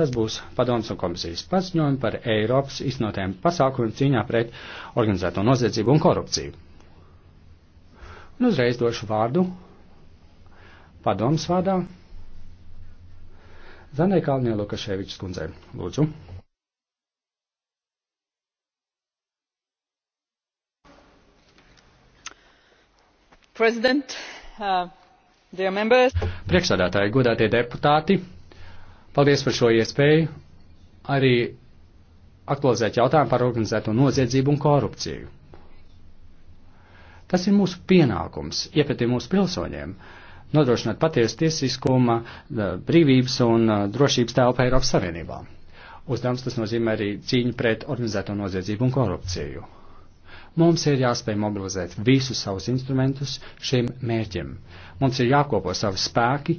Tas būs padoms un komisijas paziņojumi par Eiropas iznotēm pasākumiem cīņā pret organizēto noziedzību un korupciju. Un uzreiz došu vārdu padoms vārdā Zanai Kalnie Lukaševičs kundzei. Lūdzu. President, uh, dear members. Priekšsādātāji, godātie deputāti. Paldies par šo iespēju arī aktualizēt jautājumu par organizēto noziedzību un korupciju. Tas ir mūsu pienākums, iepētīt mūsu pilsoņiem, nodrošināt patiesu tiesiskuma, brīvības un drošības telpu Eiropas Savienībā. Uzdevums tas nozīmē arī cīņu pret organizēto noziedzību un korupciju. Mums ir jāspēj mobilizēt visus savus instrumentus šiem mērķiem. Mums ir jākopo savi spēki,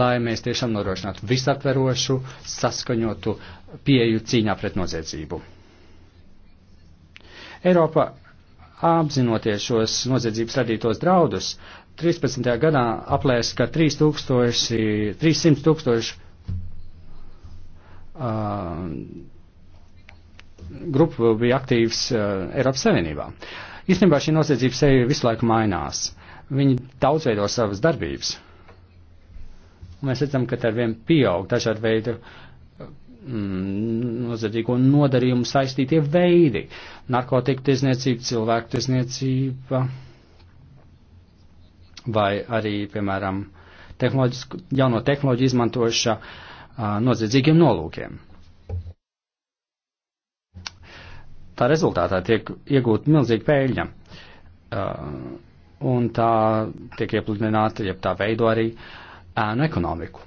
lai mēs tiešām nodrošinātu visaptverošu, saskaņotu pieju cīņā pret noziedzību. Eiropa apzinoties šos noziedzības radītos draudus, 13. gadā aplēs, ka 3000, 300 tūkstoši uh, grupa bija aktīvs eh, Eiropas Savienībā. Īstenībā šī noziedzība sevi visu laiku mainās. Viņi daudzveido savas darbības. Un mēs redzam, ka ar vien pieaug dažādi veidi mm, noziedzīgo nodarījumu saistītie veidi - narkotika tiesniecība, cilvēku tiesniecība vai arī, piemēram, tehnoloģisku, jauno tehnoloģiju izmantoša uh, noziedzīgiem nolūkiem. tā rezultātā tiek iegūta milzīga pēļņa. Uh, un tā tiek iepludināta, jeb tā veido arī ēnu ekonomiku.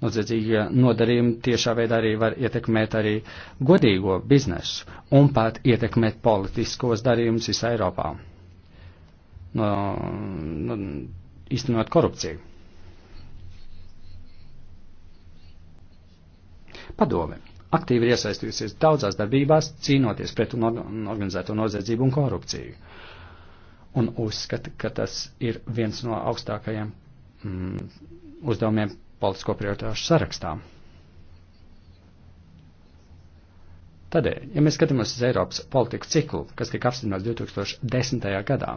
Noziedzīgie nodarījumi tiešā veidā arī var ietekmēt arī godīgo biznesu un pat ietekmēt politiskos darījumus visā Eiropā. No, no, īstenot korupciju. Padome aktīvi ir iesaistījusies daudzās darbībās, cīnoties pret no, organizēto noziedzību un korupciju. Un uzskata, ka tas ir viens no augstākajiem mm, uzdevumiem politisko prioritāšu sarakstā. Tādēļ, ja mēs skatāmies uz Eiropas politiku ciklu, kas tika apstiprināts 2010. gadā,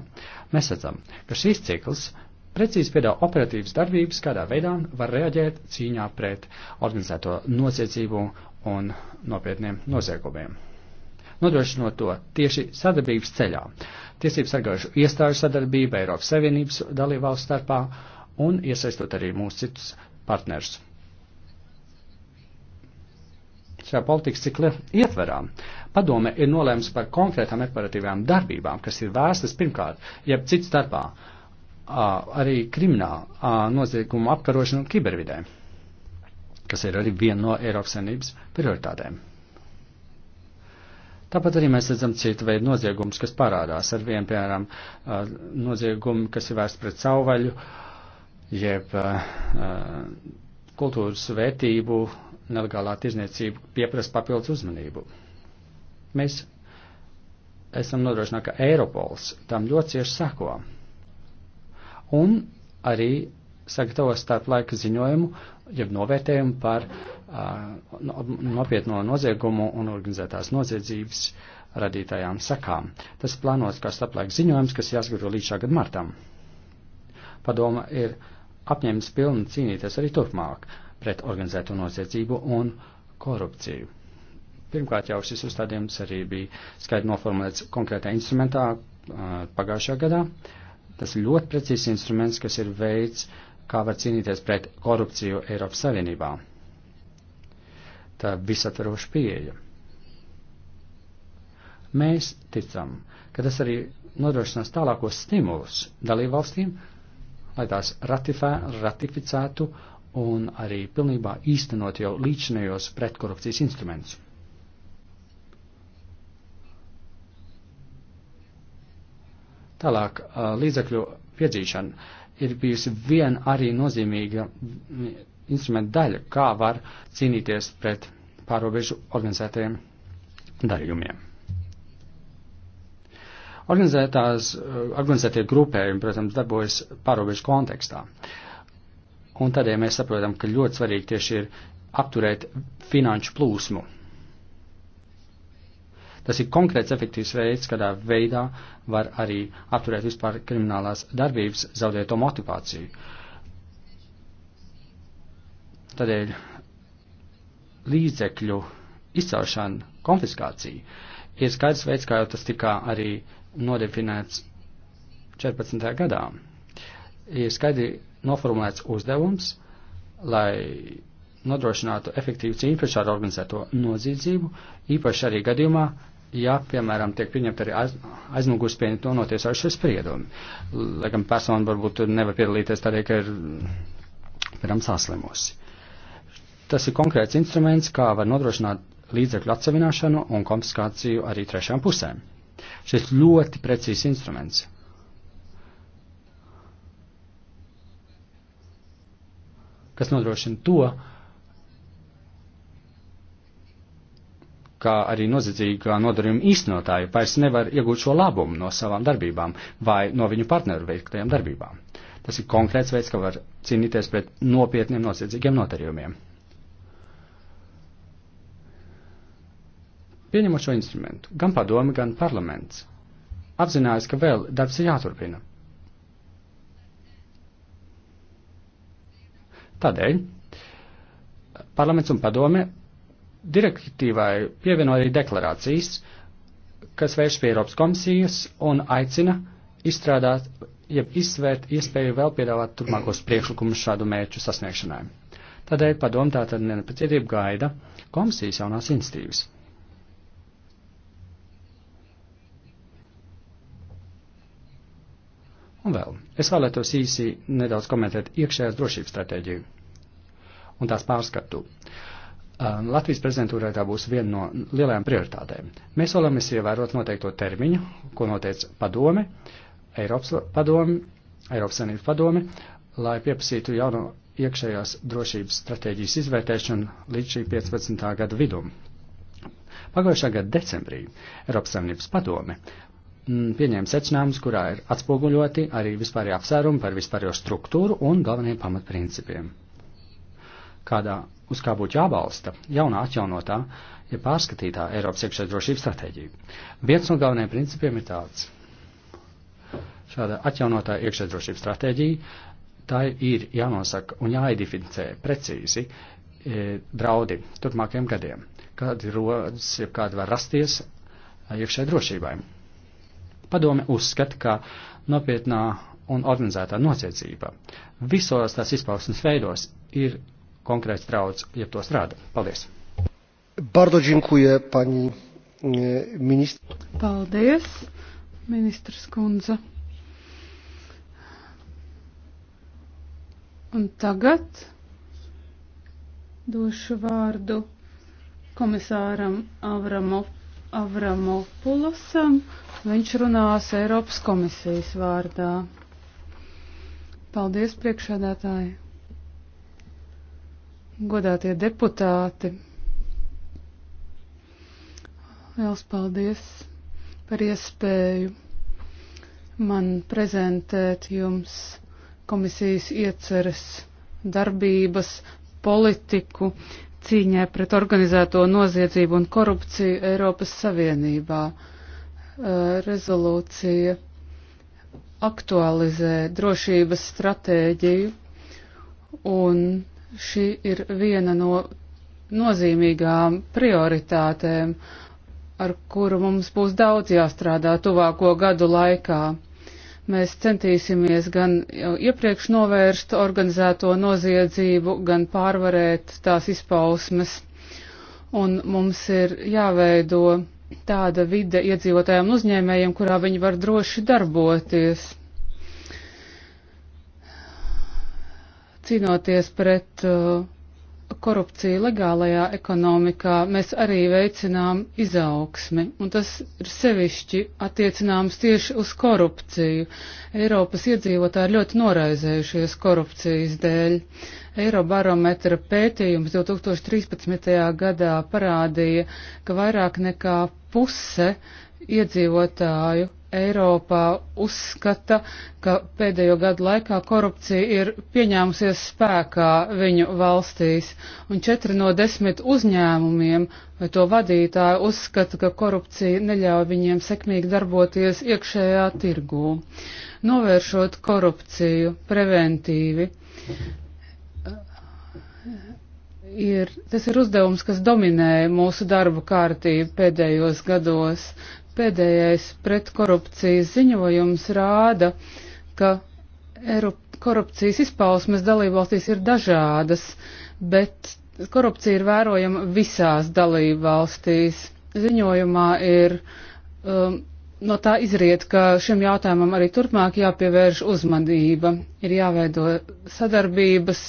mēs redzam, ka šīs cikls precīzi piedāvā operatīvas darbības, kādā veidā var reaģēt cīņā pret organizēto nociecību un nopietniem noziegumiem. Nodrošinot to tieši sadarbības ceļā, tiesību sargājušu iestāžu sadarbība Eiropas Savienības dalībvalstu starpā un iesaistot arī mūsu citus partnerus. Šajā politikas cikla ietverā padome ir nolēmusi par konkrētām operatīvām darbībām, kas ir vērstas pirmkārt, jeb cits starpā arī krimināla nozieguma apkarošanu kibervidē, kas ir arī viena no Eiropas Savienības prioritātēm. Tāpat arī mēs redzam citu veidu noziegumus, kas parādās ar vienu, piemēram, noziegumu, kas ir vērsts pret savvaļu, jeb kultūras vērtību, nelegālā tirzniecību pieprasa papildus uzmanību. Mēs esam nodrošināti, ka Eiropols tam ļoti cieši sako un arī sagatavos starp laika ziņojumu, jeb novērtējumu par uh, nopietno noziegumu un organizētās noziedzības radītajām sakām. Tas plānots kā starp laika ziņojums, kas jāsgatavo līdz šā gada martam. Padoma ir apņēmis pilni cīnīties arī turpmāk pret organizēto noziedzību un korupciju. Pirmkārt jau šis uzstādījums arī bija skaidri noformulēts konkrētā instrumentā uh, pagājušā gadā. Uh, Tas ir ļoti precīzs instruments, kas ir veids, kā var cīnīties pret korupciju Eiropas Savienībā. Tā visatvaroša pieeja. Mēs ticam, ka tas arī nodrošinās tālākos stimulus dalībvalstīm, lai tās ratifē, ratificētu un arī pilnībā īstenot jau līdzinējos pretkorupcijas instrumentus. Tālāk, līdzakļu piedzīšana ir bijusi viena arī nozīmīga instrumenta daļa, kā var cīnīties pret pārobežu organizētajiem darījumiem. Organizētās, organizētie grupējumi, protams, darbojas pārobežu kontekstā. Un tādēļ ja mēs saprotam, ka ļoti svarīgi tieši ir apturēt finanšu plūsmu Tas ir konkrēts efektīvs veids, kādā veidā var arī apturēt vispār kriminālās darbības zaudēto motivāciju. Tādēļ līdzekļu izcelšana, konfiskācija ir skaidrs veids, kā jau tas tika arī nodefinēts 14. gadā. Ir skaidri noformulēts uzdevums, lai nodrošinātu efektīvu cīņu pret šādu organizēto noziedzību, īpaši arī gadījumā, ja, piemēram, tiek pieņemta arī aiz, aizmugurspieni to notiesājušie spriedumi, lai gan persona varbūt nevar piedalīties tādēļ, ka ir, piemēram, saslimusi. Tas ir konkrēts instruments, kā var nodrošināt līdzekļu atsevināšanu un konfiskāciju arī trešām pusēm. Šis ļoti precīzs instruments. kas nodrošina to, kā arī noziedzīgā nodarījuma īstenotāji vairs nevar iegūt šo labumu no savām darbībām vai no viņu partneru veiktajām darbībām. Tas ir konkrēts veids, kā var cīnīties pret nopietniem noziedzīgiem notarījumiem. Pieņemot šo instrumentu, gan padomi, gan parlaments apzinājās, ka vēl darbs ir jāturpina. Tādēļ parlaments un padome direktīvai pievieno arī deklarācijas, kas vērš pie Eiropas komisijas un aicina izstrādāt, jeb izsvērt iespēju vēl piedāvāt turpmākos priekšlikumus šādu mērķu sasniegšanai. Tādēļ padom tātad nepacietību gaida komisijas jaunās institīvas. Un vēl, es vēlētos īsi nedaudz komentēt iekšējās drošības stratēģiju un tās pārskatu. Uh, Um, Latvijas prezidentūrai tā būs viena no lielajām prioritātēm. Mēs vēlamies ievērot noteikto termiņu, ko noteica padome, Eiropas padome, Eiropas Savienības padome, lai pieprasītu jauno iekšējās drošības stratēģijas izvērtēšanu līdz šī 15. gada vidum. Pagājušā gada decembrī Eiropas Savienības padome mm, pieņēma secinājumus, kurā ir atspoguļoti arī vispārējā apsvērumi par vispārējo struktūru un galvenajiem pamatprincipiem. Kādā uz kā būtu jābalsta jaunā atjaunotā, ja pārskatītā Eiropas iekšējā drošības stratēģija. Viens no galvenajiem principiem ir tāds. Šāda atjaunotā iekšējā drošības stratēģija, tā ir jānosaka un jāidentificē precīzi e, draudi turpmākajiem gadiem, kādi rodas, ja kādi var rasties e, iekšējai drošībai. Padome uzskata, ka nopietnā un organizētā nociecība visos tās izpausmes veidos ir konkrēts draudz, ja tos rāda. Paldies! Bardo džinkuje, paņi ministra. Paldies, ministrs kundze. Un tagad došu vārdu komisāram Avramo, Avramopulasam. Viņš runās Eiropas komisijas vārdā. Paldies, priekšādātāji! godātie deputāti. Liels paldies par iespēju man prezentēt jums komisijas ieceres darbības politiku cīņā pret organizēto noziedzību un korupciju Eiropas Savienībā. Eh, rezolūcija aktualizē drošības stratēģiju un Šī ir viena no nozīmīgām prioritātēm, ar kuru mums būs daudz jāstrādā tuvāko gadu laikā. Mēs centīsimies gan iepriekš novērst organizēto noziedzību, gan pārvarēt tās izpausmes. Un mums ir jāveido tāda vide iedzīvotājiem un uzņēmējiem, kurā viņi var droši darboties. Cīnoties pret uh, korupciju legālajā ekonomikā, mēs arī veicinām izaugsmi, un tas ir sevišķi attiecināms tieši uz korupciju. Eiropas iedzīvotāji ļoti noraizējušies korupcijas dēļ. Eirobarometra pētījums 2013. gadā parādīja, ka vairāk nekā puse iedzīvotāju Eiropā uzskata, ka pēdējo gadu laikā korupcija ir pieņēmusies spēkā viņu valstīs, un četri no desmit uzņēmumiem vai to vadītāju uzskata, ka korupcija neļauj viņiem sekmīgi darboties iekšējā tirgū. Novēršot korupciju preventīvi, ir, tas ir uzdevums, kas dominēja mūsu darbu kārtību pēdējos gados. Pēdējais pretkorupcijas ziņojums rāda, ka korupcijas izpausmes dalībvalstīs ir dažādas, bet korupcija ir vērojama visās dalībvalstīs. Ziņojumā ir um, no tā izriet, ka šim jautājumam arī turpmāk jāpievērš uzmanība. Ir jāveido sadarbības,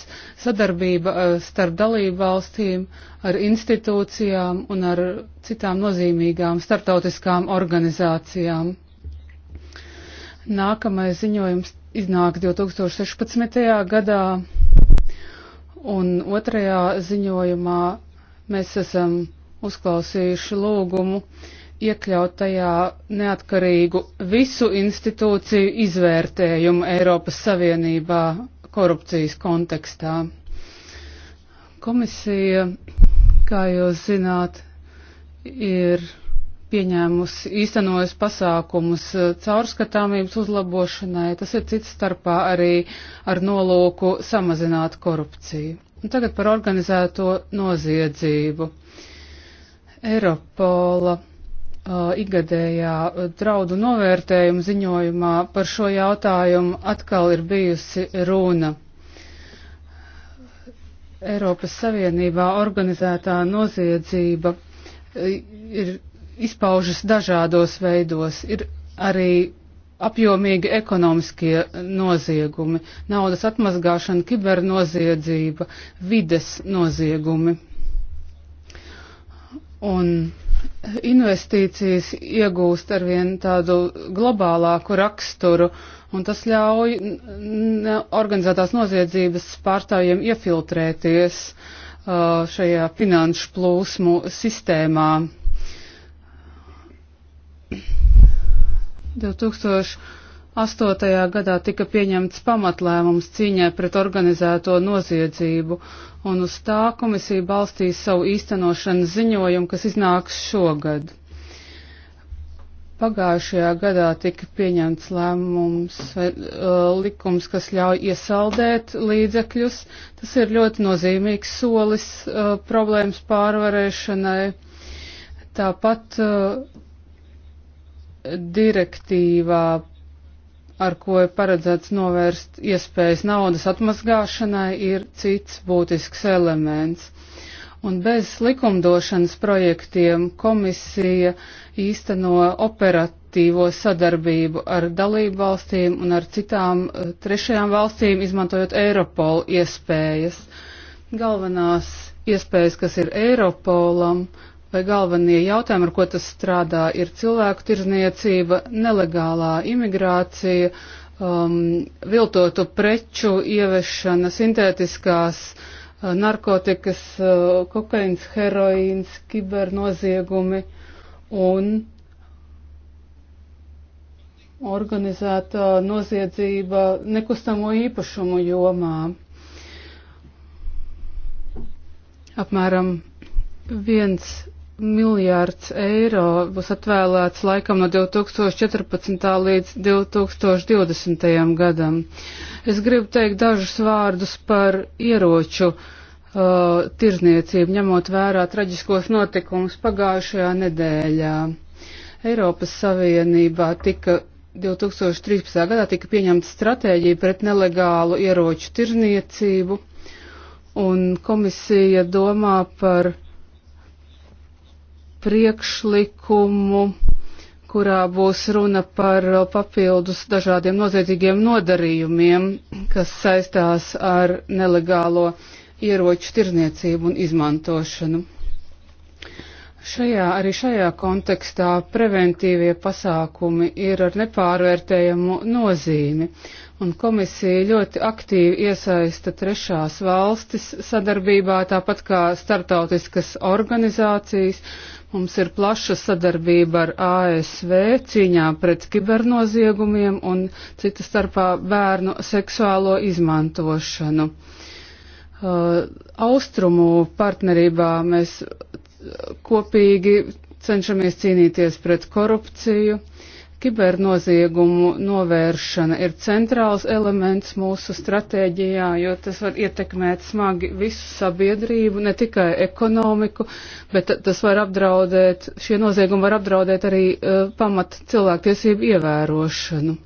sadarbība eh, starp dalību valstīm, ar institūcijām un ar citām nozīmīgām starptautiskām organizācijām. Nākamais ziņojums iznāk 2016. gadā, un otrajā ziņojumā mēs esam uzklausījuši lūgumu uh, iekļaut tajā neatkarīgu visu institūciju izvērtējumu Eiropas Savienībā korupcijas kontekstā. Komisija, kā jūs zināt, ir pieņēmusi īstenojas pasākumus caurskatāmības uzlabošanai. Tas ir cits starpā arī ar nolūku samazināt korupciju. Un tagad par organizēto noziedzību. Eiropola Uh, Igadējā uh, draudu novērtējuma ziņojumā par šo jautājumu atkal ir bijusi runa. Eiropas Savienībā organizētā noziedzība uh, ir izpaužas dažādos veidos. Ir arī apjomīgi ekonomiskie noziegumi, naudas atmazgāšana, kibernoziedzība, vides noziegumi. Un investīcijas iegūst arvien tādu globālāku raksturu, un tas ļauj organizētās noziedzības pārstāvjiem iefiltrēties uh, šajā finanšu plūsmu sistēmā. 2000 Astotajā gadā tika pieņemts pamatlēmums cīņai pret organizēto noziedzību, un uz tā komisija balstīs savu īstenošanas ziņojumu, kas iznāks šogad. Pagājušajā gadā tika pieņemts lēmums, eh, likums, kas ļauj iesaldēt līdzekļus. Tas ir ļoti nozīmīgs solis eh, problēmas pārvarēšanai. Tāpat eh, direktīvā ar ko ir paredzēts novērst iespējas naudas atmazgāšanai, ir cits būtisks elements. Un bez likumdošanas projektiem komisija īsteno operatīvo sadarbību ar dalību valstīm un ar citām eh, trešajām valstīm, izmantojot Eiropolu iespējas. Galvenās iespējas, kas ir Eiropolam, vai galvenie jautājumi, ar ko tas strādā, ir cilvēku tirzniecība, nelegālā imigrācija, um, viltotu preču ievešana, sintētiskās uh, narkotikas, uh, kokains, heroīns, kibernoziegumi un organizēta noziedzība nekustamo īpašumu jomā. Apmēram viens miljārds eiro būs atvēlēts laikam no 2014. līdz 2020. gadam. Es gribu teikt dažus vārdus par ieroču uh, tirzniecību, ņemot vērā traģiskos notikumus pagājušajā nedēļā. Eiropas Savienībā tika 2013. gadā tika pieņemta stratēģija pret nelegālu ieroču tirzniecību, un komisija domā par priekšlikumu, kurā būs runa par papildus dažādiem noziedzīgiem nodarījumiem, kas saistās ar nelegālo ieroču tirzniecību un izmantošanu. Šajā, arī šajā kontekstā preventīvie pasākumi ir ar nepārvērtējumu nozīmi, un komisija ļoti aktīvi iesaista trešās valstis sadarbībā, tāpat kā startautiskas organizācijas, Mums ir plaša sadarbība ar ASV cīņā pret kibernoziegumiem un cita starpā bērnu seksuālo izmantošanu. Uh, austrumu partnerībā mēs uh, kopīgi cenšamies cīnīties pret korupciju, Kibernoziegumu novēršana ir centrāls elements mūsu stratēģijā, jo tas var ietekmēt smagi visu sabiedrību, ne tikai ekonomiku, bet tas var apdraudēt, šie noziegumi var apdraudēt arī uh, pamat cilvēktiesību ievērošanu.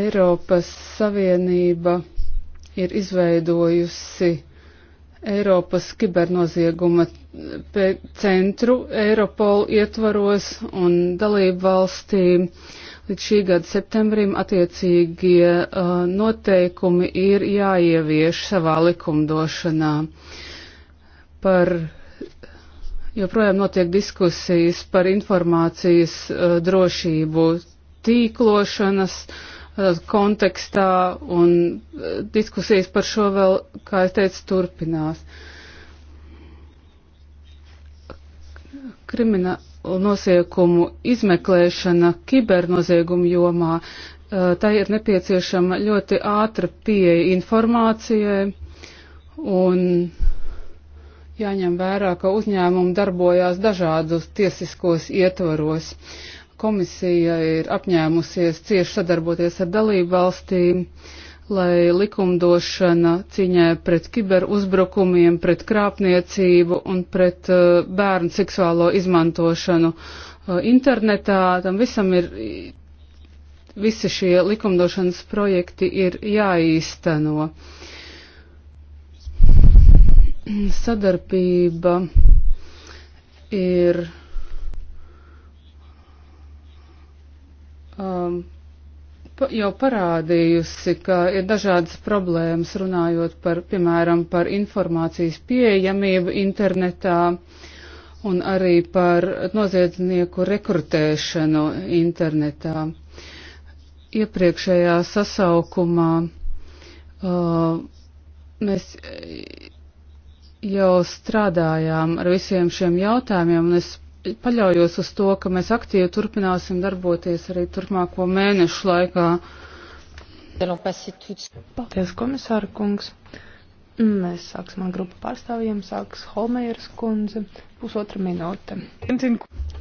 Eiropas Savienība ir izveidojusi Eiropas kibernozieguma centru Eiropolu ietvaros un dalību valstīm. Līdz šī gada septembrim attiecīgie uh, noteikumi ir jāievieš savā likumdošanā. Par joprojām notiek diskusijas par informācijas uh, drošību tīklošanas uh, kontekstā un diskusijas par šo vēl, kā es teicu, turpinās. Uh, kriminālu uh, noziegumu izmeklēšana kibernoziegumu jomā. Uh, tai ir nepieciešama ļoti ātra pieeja informācijai un jāņem vērā, ka uzņēmumi darbojās dažādos tiesiskos ietvaros. Komisija ir apņēmusies cieši sadarboties ar dalību valstīm lai likumdošana ciņā pret kiberuzbrukumiem, pret krāpniecību un pret uh, bērnu seksuālo izmantošanu uh, internetā, tam visam ir, visi šie likumdošanas projekti ir jāīsteno. Sadarbība ir. Um, jau parādījusi, ka ir dažādas problēmas runājot par, piemēram, par informācijas pieejamību internetā un arī par noziedznieku rekrutēšanu internetā. Iepriekšējā sasaukumā uh, mēs jau strādājām ar visiem šiem jautājumiem, un es paļaujos uz to, ka mēs aktīvi turpināsim darboties arī turpmāko mēnešu laikā. Paldies, komisāra kungs. Mēs sāksim ar grupu pārstāvjiem, sāks Holmēras kundze, pusotra minūte.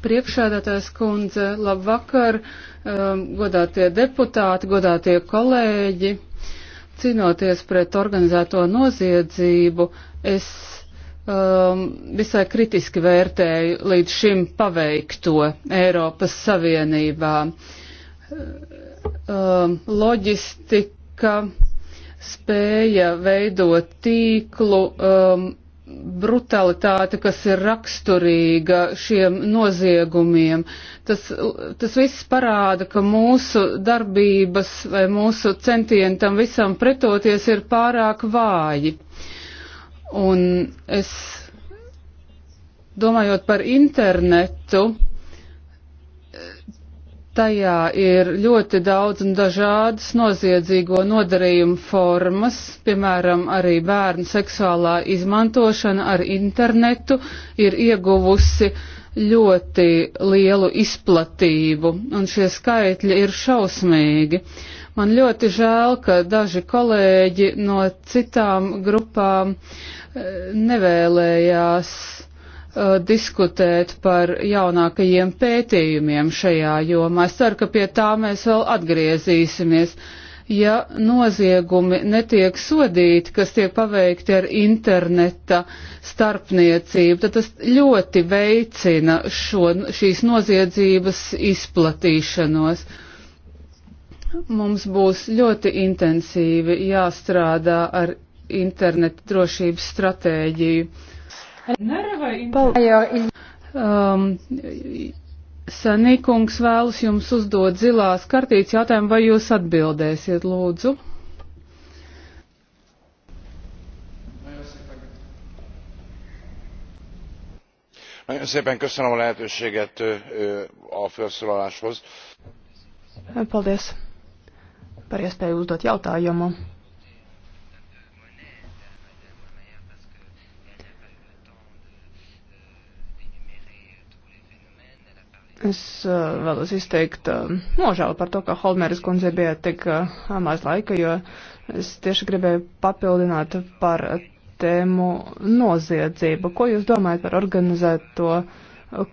Priekšēdātājs kundze, labvakar, um, godātie deputāti, godātie kolēģi. Cīnoties pret organizēto noziedzību, es um, visai kritiski vērtēju līdz šim paveikto Eiropas Savienībā. Um, loģistika spēja veidot tīklu, um, brutalitāte, kas ir raksturīga šiem noziegumiem. Tas, tas viss parāda, ka mūsu darbības vai mūsu centieni tam visam pretoties ir pārāk vāji. Uh, Un es domājot par internetu, tajā ir ļoti daudz un dažādas noziedzīgo nodarījumu formas, piemēram, arī bērnu seksuālā izmantošana ar internetu ir ieguvusi ļoti lielu izplatību, un šie skaitļi ir šausmīgi. Uh, Man ļoti žēl, ka daži kolēģi no citām grupām eh, nevēlējās uh, diskutēt par jaunākajiem pētījumiem šajā jomā. Es ceru, ka pie tā mēs vēl atgriezīsimies. Ja noziegumi netiek sodīti, kas tiek paveikti ar interneta starpniecību, tad tas ļoti veicina šo, šīs noziedzības izplatīšanos. Uh, Mums būs ļoti intensīvi jāstrādā ar internetu drošības stratēģiju. Paldies! Um, Sanīkungs vēlas jums uzdot zilās kartītes jautājumu, vai jūs atbildēsiet, lūdzu. Nagyon szépen köszönöm a lehetőséget a felszólaláshoz. Paldies par iespēju uzdot jautājumu. Es uh, vēlos izteikt uh, nožēlu par to, ka Holmēras kundze bija tik uh, maz laika, jo es tieši gribēju papildināt par tēmu noziedzību. Ko jūs domājat par organizēto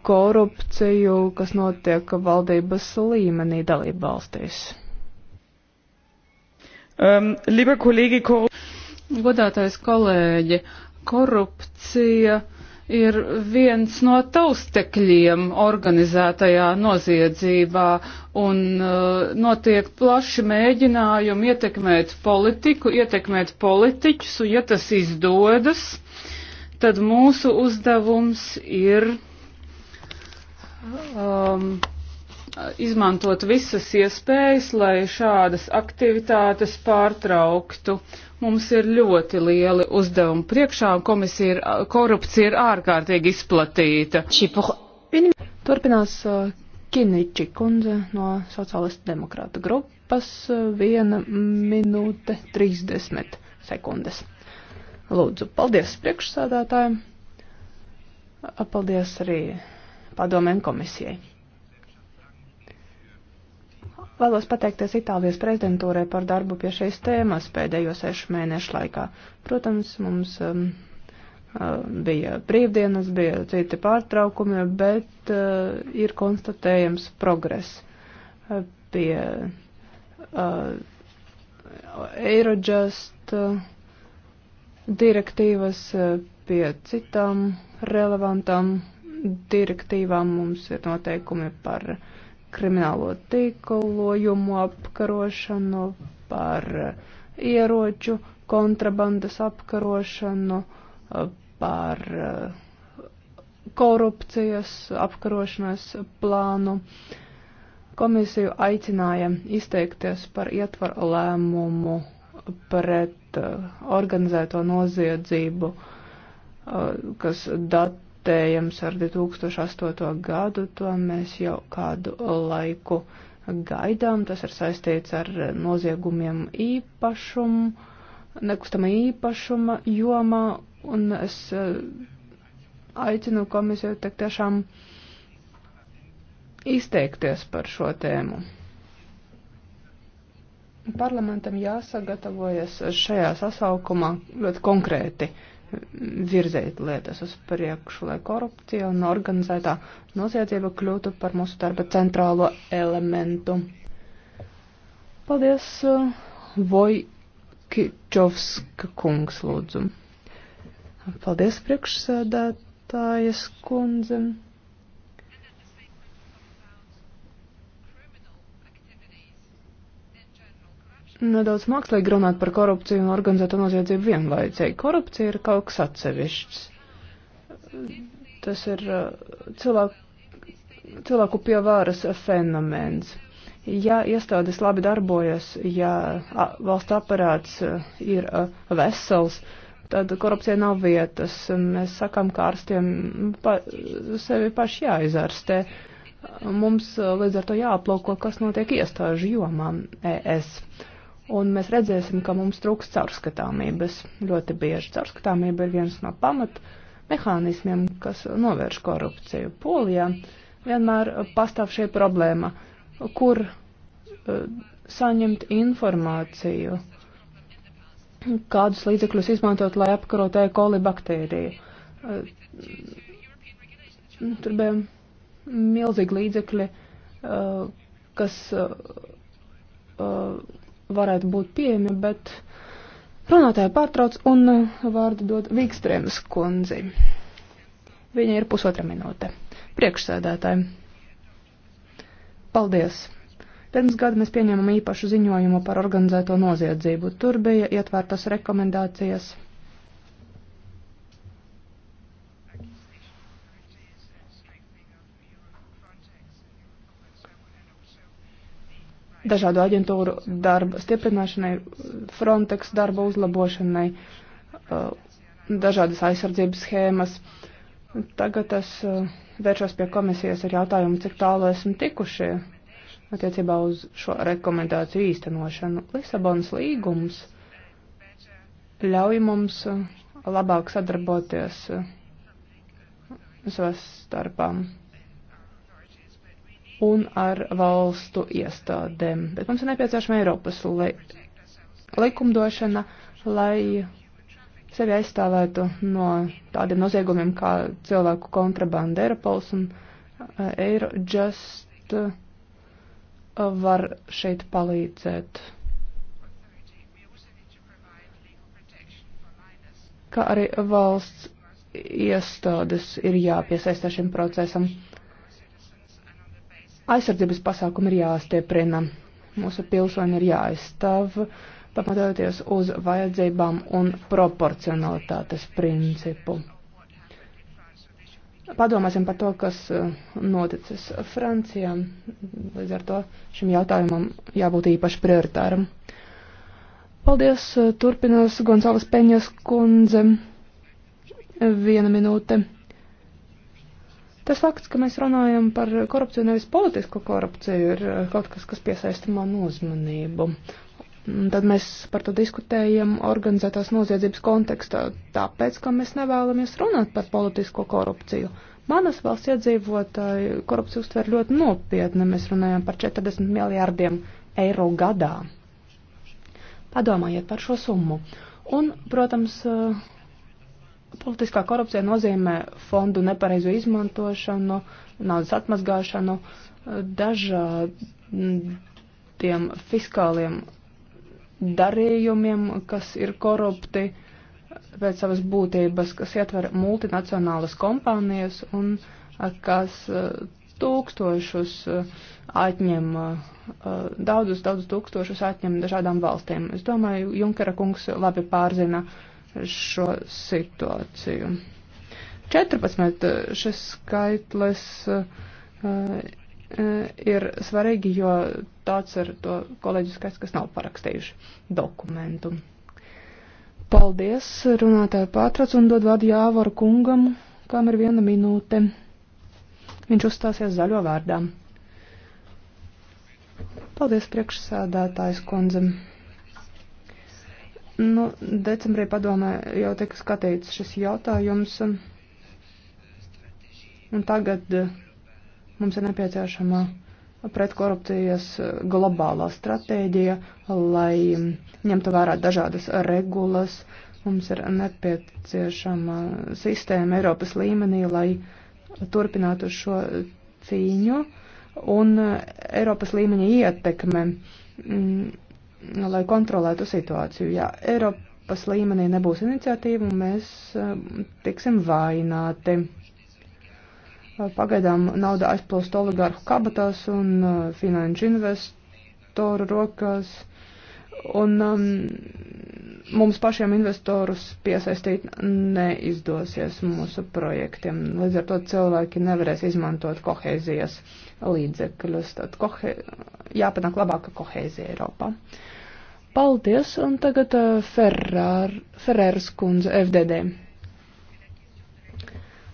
korupciju, kas notiek valdības līmenī dalību valstīs? Um, Godātais kolēģi, korupcija ir viens no taustekļiem organizētajā noziedzībā un uh, notiek plaši mēģinājumi ietekmēt politiku, ietekmēt politiķus, un ja tas izdodas, tad mūsu uzdevums ir um, izmantot visas iespējas, lai šādas aktivitātes pārtrauktu. Mums ir ļoti lieli uzdevumi priekšā, un komisija ir, korupcija ir ārkārtīgi izplatīta. Turpinās uh, Kiniči kundze no Sociālistu demokrātu grupas 1 uh, minūte 30 sekundes. Lūdzu, paldies priekšsādātājiem. Paldies arī padomēm komisijai. Vēlos pateikties Itālijas prezidentūrai par darbu pie šīs tēmas pēdējo sešu mēnešu laikā. Protams, mums um, uh, bija brīvdienas, bija citi pārtraukumi, bet uh, ir konstatējams progress uh, pie uh, Eirodžast uh, direktīvas, pie citām relevantām direktīvām mums ir noteikumi par uh, kriminālo tīklojumu apkarošanu, par eh, ieroču kontrabandas apkarošanu, eh, par eh, korupcijas apkarošanas plānu. Komisiju aicināja izteikties par ietvaru lēmumu pret organizēto noziedzību, kas dat konstatējams ar 2008. gadu, to mēs jau kādu laiku gaidām. Tas ir saistīts ar noziegumiem īpašumu, nekustama īpašuma jomā, un es eh, aicinu komisiju te tiešām izteikties par šo tēmu. Parlamentam jāsagatavojas šajā sasaukumā ļoti konkrēti virzīt lietas uz priekšu, lai korupcija un organizētā noziedzība kļūtu par mūsu darba centrālo elementu. Paldies, eh, Vojkičovska kungs, lūdzu. Paldies, priekšsēdētājas kundze. nedaudz mākslīgi runāt par korupciju un organizēto noziedzību vienlaicīgi. Korupcija ir kaut kas atsevišķs. Tas ir uh, cilvēku, cilvēku pievāras fenomens. Ja iestādes labi darbojas, ja valsts aparāts uh, ir uh, vesels, tad korupcija nav vietas. Mēs sakām kārstiem mm, pa, sevi paši jāizārstē. Mums līdz ar to jāaplūko, kas notiek iestāžu jomām mm, ES un mēs redzēsim, ka mums trūks caurskatāmības. Ļoti bieži caurskatāmība ir viens no pamat mehānismiem, kas novērš korupciju. Polijā vienmēr pastāv šī problēma, kur eh, saņemt informāciju, kādus līdzekļus izmantot, lai apkarot E. coli baktēriju. Eh, nu, tur bija milzīgi līdzekļi, eh, kas varētu būt pieejami, bet runātāja pārtrauc un uh, vārdu dod Vīkstrēmas kundzi. Viņa ir pusotra minūte. Priekšsēdētāji. Paldies! Pirms gada mēs pieņēmām īpašu ziņojumu par organizēto noziedzību. Tur bija ietvērtas rekomendācijas dažādu aģentūru darba stiprināšanai, Frontex darba uzlabošanai, uh, dažādas aizsardzības schēmas. Tagad es uh, vēršos pie komisijas ar jautājumu, cik tālu esam tikuši attiecībā uz šo rekomendāciju īstenošanu. Lisabonas līgums ļauj mums uh, labāk sadarboties savas starpām un ar valstu iestādēm. Bet mums ir nepieciešama Eiropas li likumdošana, lai sevi aizstāvētu no tādiem noziegumiem kā cilvēku kontrabanda Eiropols un uh, Eirojust uh, var šeit palīdzēt. Kā arī valsts iestādes ir jāpiesaista šim procesam. Aizsardzības pasākumi ir jāstieprina. Mūsu pilsoņi ir jāaizstāv, pamatojoties uz vajadzībām un proporcionalitātes principu. Padomāsim par to, kas uh, noticis Francijā. Līdz ar to šim jautājumam jābūt īpaši prioritāram. Paldies, uh, turpinās Gonzāles Peņas kundze. Viena minūte. Tas fakts, ka mēs runājam par korupciju, nevis politisko korupciju, ir eh, kaut kas, kas piesaista manu uzmanību. Tad mēs par to diskutējam organizētās noziedzības kontekstā, tāpēc, ka mēs nevēlamies runāt par politisko korupciju. Manas valsts iedzīvotāji korupciju uztver ļoti nopietni, mēs runājam par 40 miljārdiem eiro gadā. Padomājiet par šo summu. Un, protams, eh, Politiskā korupcija nozīmē fondu nepareizu izmantošanu, naudas atmazgāšanu, dažādiem fiskāliem darījumiem, kas ir korupti pēc savas būtības, kas ietver multinacionālas kompānijas un kas eh, tūkstošus eh, atņem, eh, daudzus, daudzus tūkstošus atņem dažādām valstīm. Es domāju, Junkera kungs labi pārzina uh, šo situāciju. 14 eh, šis skaitlis uh, ir svarīgi, jo tāds ir to kolēģu skaits, kas nav parakstījuši dokumentu. Paldies, runātāja pārtrauc un dod vārdu Jāvaru kungam, kam ir viena minūte. Viņš uzstāsies zaļo vārdā. Paldies priekšsēdētājs kundzem. Nu, decembrī padomē jau tika skatīts šis jautājums, un tagad eh, mums ir nepieciešama pretkorupcijas eh, globālā stratēģija, lai ņemtu vērā dažādas regulas. Mums ir nepieciešama sistēma Eiropas līmenī, lai turpinātu šo cīņu. Un eh, Eiropas līmeņa ietekme mm, Nu, lai kontrolētu situāciju. Ja Eiropas līmenī nebūs iniciatīva, mēs eh, tiksim vaināti. Pagaidām nauda aizplūst oligarhu kabatās un eh, finanšu investoru rokās. Un um, mums pašiem investorus piesaistīt neizdosies mūsu projektiem. Līdz ar to cilvēki nevarēs izmantot kohēzijas uh, līdzekļus. Tad kohe, jāpanāk labāka kohēzija Eiropā. Paldies, un tagad eh, Ferrar, Ferreras kundze FDD.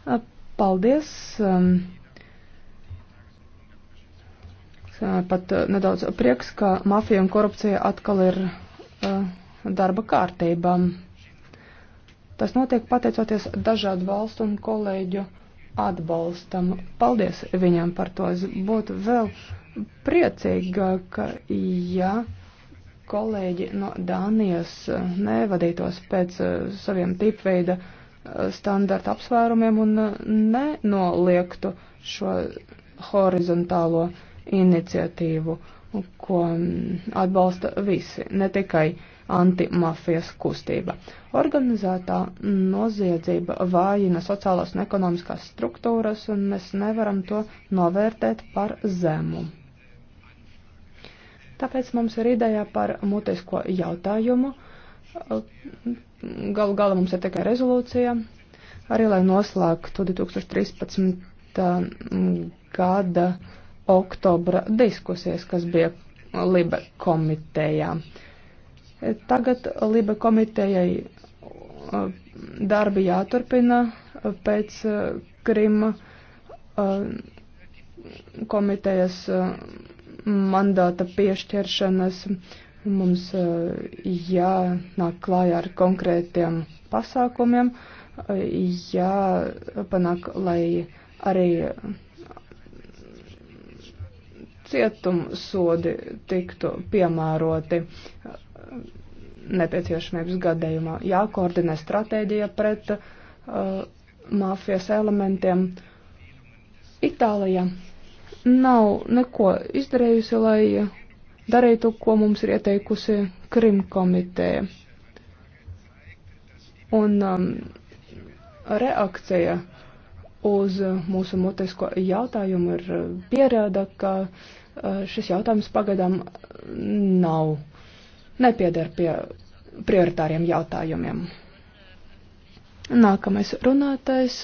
Eh, paldies. Ehm, eh, pat nedaudz prieks, ka mafija un korupcija atkal ir darba kārtībā. Tas notiek pateicoties dažādu valstu un kolēģu atbalstam. Paldies viņam par to. Es būtu vēl priecīgāka, ja kolēģi no Dānijas nevadītos pēc eh, saviem tipveida eh, standarta apsvērumiem un eh, nenoliektu šo horizontālo iniciatīvu, ko atbalsta visi, ne tikai uh, antimafijas kustība. Organizētā noziedzība vājina sociālās un ekonomiskās struktūras, un mēs nevaram to novērtēt par zemu. Tāpēc mums ir ideja par mutisko jautājumu. Galu galā mums ir tikai rezolūcija, arī lai noslēgtu 2013. Mm, gada oktobra diskusijas, kas bija Libe komitejā. Tagad Liba komitejai uh, darbi jāturpina uh, pēc uh, Krima komitejas mandāta piešķiršanas. Mums jānāk klājā ar konkrētiem pasākumiem, jāpanāk, lai arī cietumsodi tiktu piemēroti nepieciešamības gadījumā. Jākoordinē stratēģija pret uh, mafijas elementiem. Itālija nav neko izdarījusi, lai darītu, ko mums ir ieteikusi Krimkomiteja. Un um, reakcija uz mūsu mutisko jautājumu ir uh, pierāda, ka uh, šis jautājums pagadām nav nepiedara pie prioritāriem jautājumiem. Nākamais runātais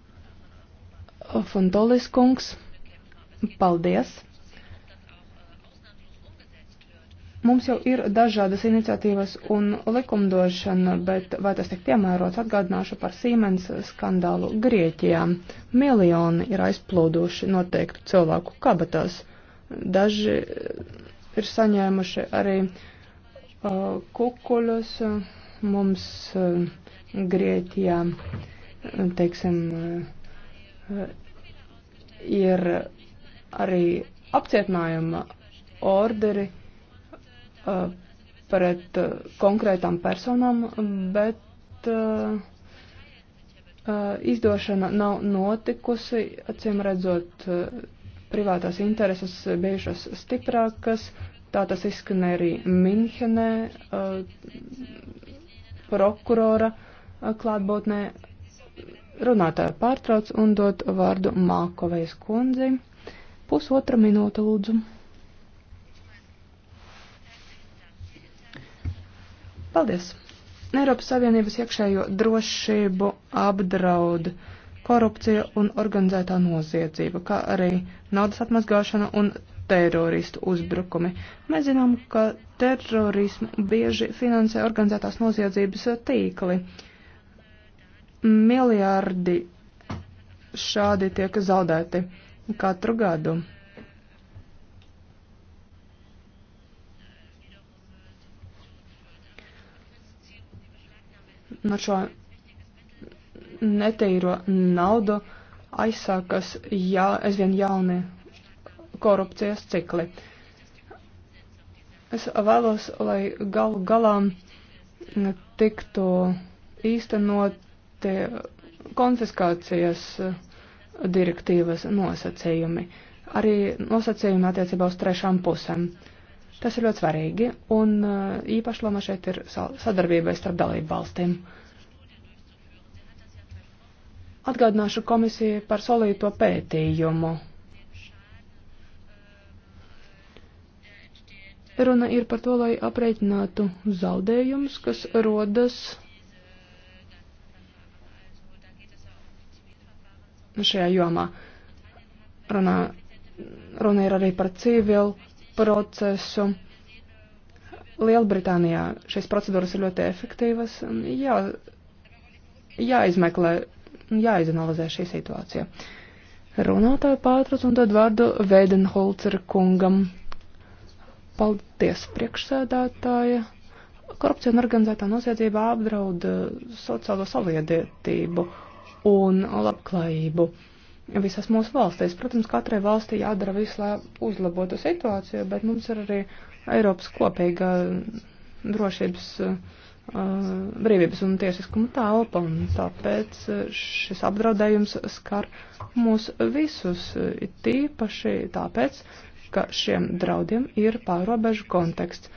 - Fundolis kungs. Paldies! Mums jau ir dažādas iniciatīvas un likumdošana, bet vai tas tiek piemērots, atgādināšu par Siemens skandālu Grieķijā. Miljoni ir aizplūduši noteiktu cilvēku kabatās. Daži ir saņēmuši arī uh, kukuļus. Mums uh, Grieķijā, teiksim, uh, ir arī apcietinājuma orderi uh, pret uh, konkrētām personām, bet uh, uh, izdošana nav notikusi, acīm redzot. Uh, privātās intereses bijušas stiprākas, Tā tas izskanēja arī Minhenē, uh, prokurora uh, klātbūtnē. Runātāja pārtrauc un dod vārdu Mākovejas kundzei. Pusotra minūte, lūdzu. Paldies! Eiropas Savienības iekšējo drošību apdraud korupcija un organizētā noziedzība, kā arī naudas atmazgāšana un teroristu uzbrukumi. Mēs zinām, ka terorismu bieži finansē organizētās noziedzības tīkli. Miliardi šādi tiek zaudēti katru gadu. No šo netīro naudu aizsākas jā, aizvien jauni korupcijas cikli. Es vēlos, lai galu galā tiktu īstenoti konfiskācijas direktīvas nosacījumi, arī nosacījumi attiecībā uz trešām pusēm. Tas ir ļoti svarīgi, un uh, īpaši loma šeit ir sadarbībai starp dalību valstīm. Atgādināšu komisiju par solīto pētījumu Runa ir par to, lai aprēķinātu zaudējumus, kas rodas šajā jomā. Runā, runa ir arī par civilu procesu. Lielbritānijā šīs procedūras ir ļoti efektīvas. Jā, jāizmeklē, jāizanalizē šī situācija. Runātāju pātrus un tad vārdu Veidenholzer kungam. Paldies, priekšsēdētāja. Korupcija un organizētā noziedzība apdraud eh, sociālo saliedietību un labklājību visās mūsu valstīs. Protams, katrai valstī jādara viss, lai uzlabotu situāciju, bet mums ir arī Eiropas kopīga drošības, eh, brīvības un tiesiskuma telpa, un tāpēc eh, šis apdraudējums skar mūs visus, tīpaši tāpēc, ka šiem draudiem ir pārobežu konteksts.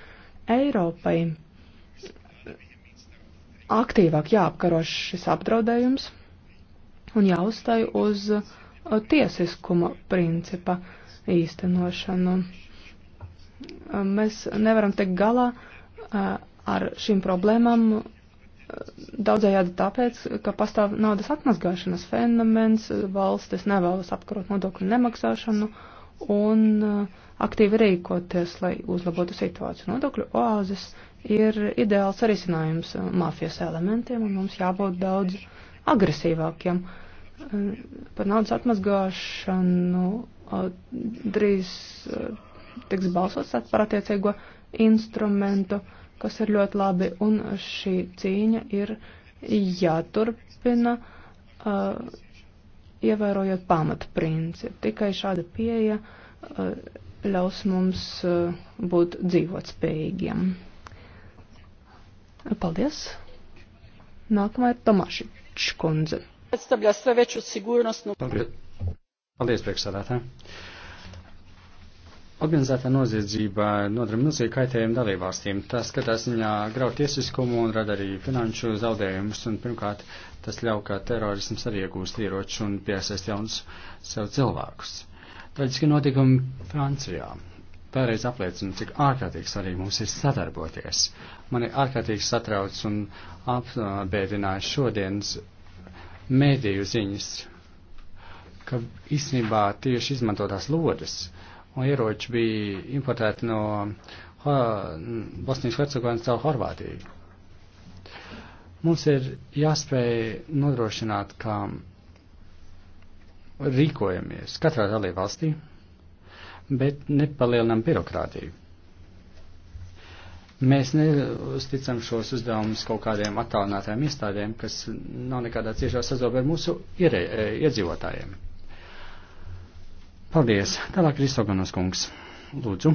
Eiropai aktīvāk jāapkaro šis apdraudējums un jāuzstāj uz uh, tiesiskuma principa īstenošanu. Uh, mēs nevaram teikt galā uh, ar šīm problēmām daudzējādi tāpēc, ka pastāv naudas atmazgāšanas fenomens, valstis nevēlas apkarot nodokļu nemaksāšanu. Uh, un uh, aktīvi rīkoties, lai uzlabotu situāciju. Nodokļu oāzes ir ideāls risinājums uh, mafijas elementiem, un mums jābūt daudz agresīvākiem. Uh, par naudas atmazgāšanu drīz tiks balsots par attiecīgo instrumentu, kas ir ļoti labi, un šī cīņa ir jāturpina ievērojot pamatprincipu. Tikai šāda pieeja eh, ļaus mums eh, būt dzīvotspējīgiem. Paldies! Nākamā ir Tomašič kundze. Paldies, paldies priekšsādātāji! Organizētā noziedzība nodara milzīgu kaitējumu dalībvalstīm. Tas, ka tas viņā grauj tiesiskumu un rada arī finanšu zaudējumus, un pirmkārt, tas ļauj, ka terorisms arī iegūst ieroču un piesaist jaunus sev cilvēkus. Traģiski notikumi Francijā vēlreiz apliecina, cik ārkārtīgi svarīgi mums ir sadarboties. Man ir ārkārtīgi satrauc un apbēdinājis šodienas mēdīju ziņas, ka īstenībā tieši izmantotās lodes un ieroči bija importēti no ha, Bosnijas Hercegovinas caur Horvātiju. Mums ir jāspēj nodrošināt, ka rīkojamies katrā dalība valstī, bet nepalielinam birokrātiju. Mēs neusticam šos uzdevumus kaut kādiem attālinātajiem iestādēm, kas nav nekādā ciešā sazoba ar mūsu e, iedzīvotājiem. Paldies. Tālāk Kristoganas kungs. Lūdzu.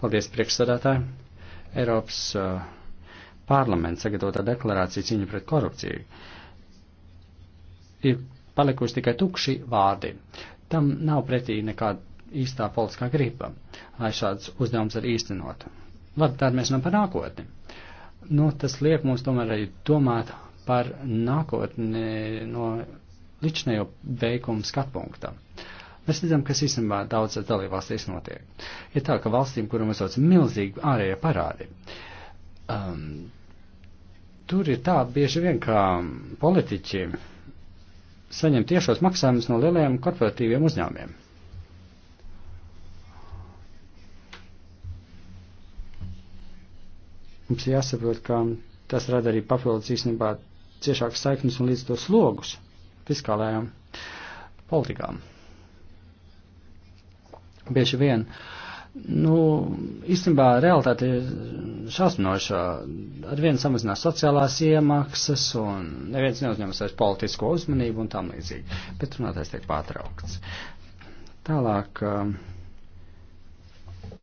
Paldies priekšsādātāji. Eiropas uh, parlaments sagatavotā deklarācija cīņa pret korupciju ir palikusi tikai tukši vārdi. Tam nav pretī nekāda īstā politiskā griba, lai šāds uzdevums arī īstenot. Labi, tāda mēs runājam par nākotni. Nu, tas liek mums tomēr arī domāt par nākotni no ličnējo veikumu skatpunktā. Mēs redzam, kas īstenībā daudzas dalībvalstīs notiek. Ir tā, ka valstīm, kurām ir sauc milzīgi ārējie parādi, um, tur ir tā bieži vien, ka politiķi saņem tiešos maksājumus no lielajiem korporatīviem uzņēmumiem. Mums jāsaprot, ka tas rada arī papildus īstenībā ciešākas saiknes un līdz to slogus fiskālajām politikām. Bieži vien, nu, īstenībā realitāte ir šausminoša. Ar vienu samazinās sociālās iemaksas un neviens neuzņemas vairs politisko uzmanību un tam līdzīgi. Bet runātais tiek pārtraukts. Tālāk. Uh, um,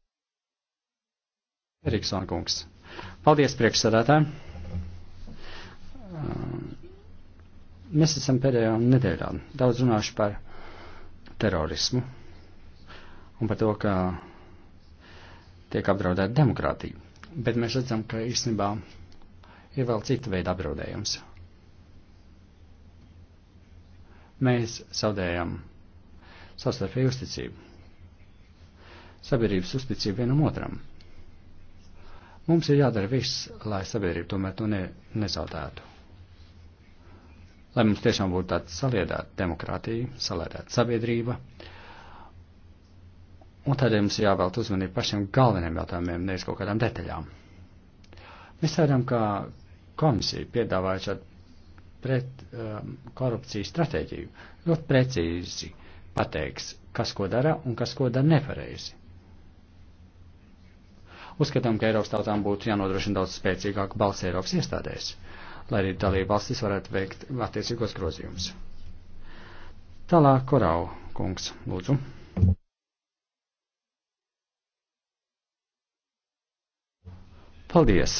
Eriksona kungs. Paldies priekšsēdētājiem. Um, uh, Mēs esam pēdējā nedēļā daudz runājuši par terorismu un par to, ka tiek apdraudēta demokrātija. Bet mēs redzam, ka īstenībā ir vēl cita veida apdraudējums. Mēs zaudējam savstarpēju uzticību, sabiedrības uzticību vienam otram. Mums ir jādara viss, lai sabiedrība tomēr to ne, nezaudētu lai mums tiešām būtu tāda saliedēta demokrātija, saliedēta sabiedrība. Un tādēļ mums jāvēlt uzmanību pašiem galveniem jautājumiem, nevis kaut kādām detaļām. Mēs ceram, ka komisija piedāvāja šādu pret um, korupciju stratēģiju. Ļoti precīzi pateiks, kas ko dara un kas ko dara nepareizi. Uzskatām, ka Eiropas tautām būtu jānodrošina daudz spēcīgāka balss Eiropas iestādēs lai arī dalība valstis varētu veikt attiecīgos grozījumus. Tālāk, Korau kungs, lūdzu. Paldies!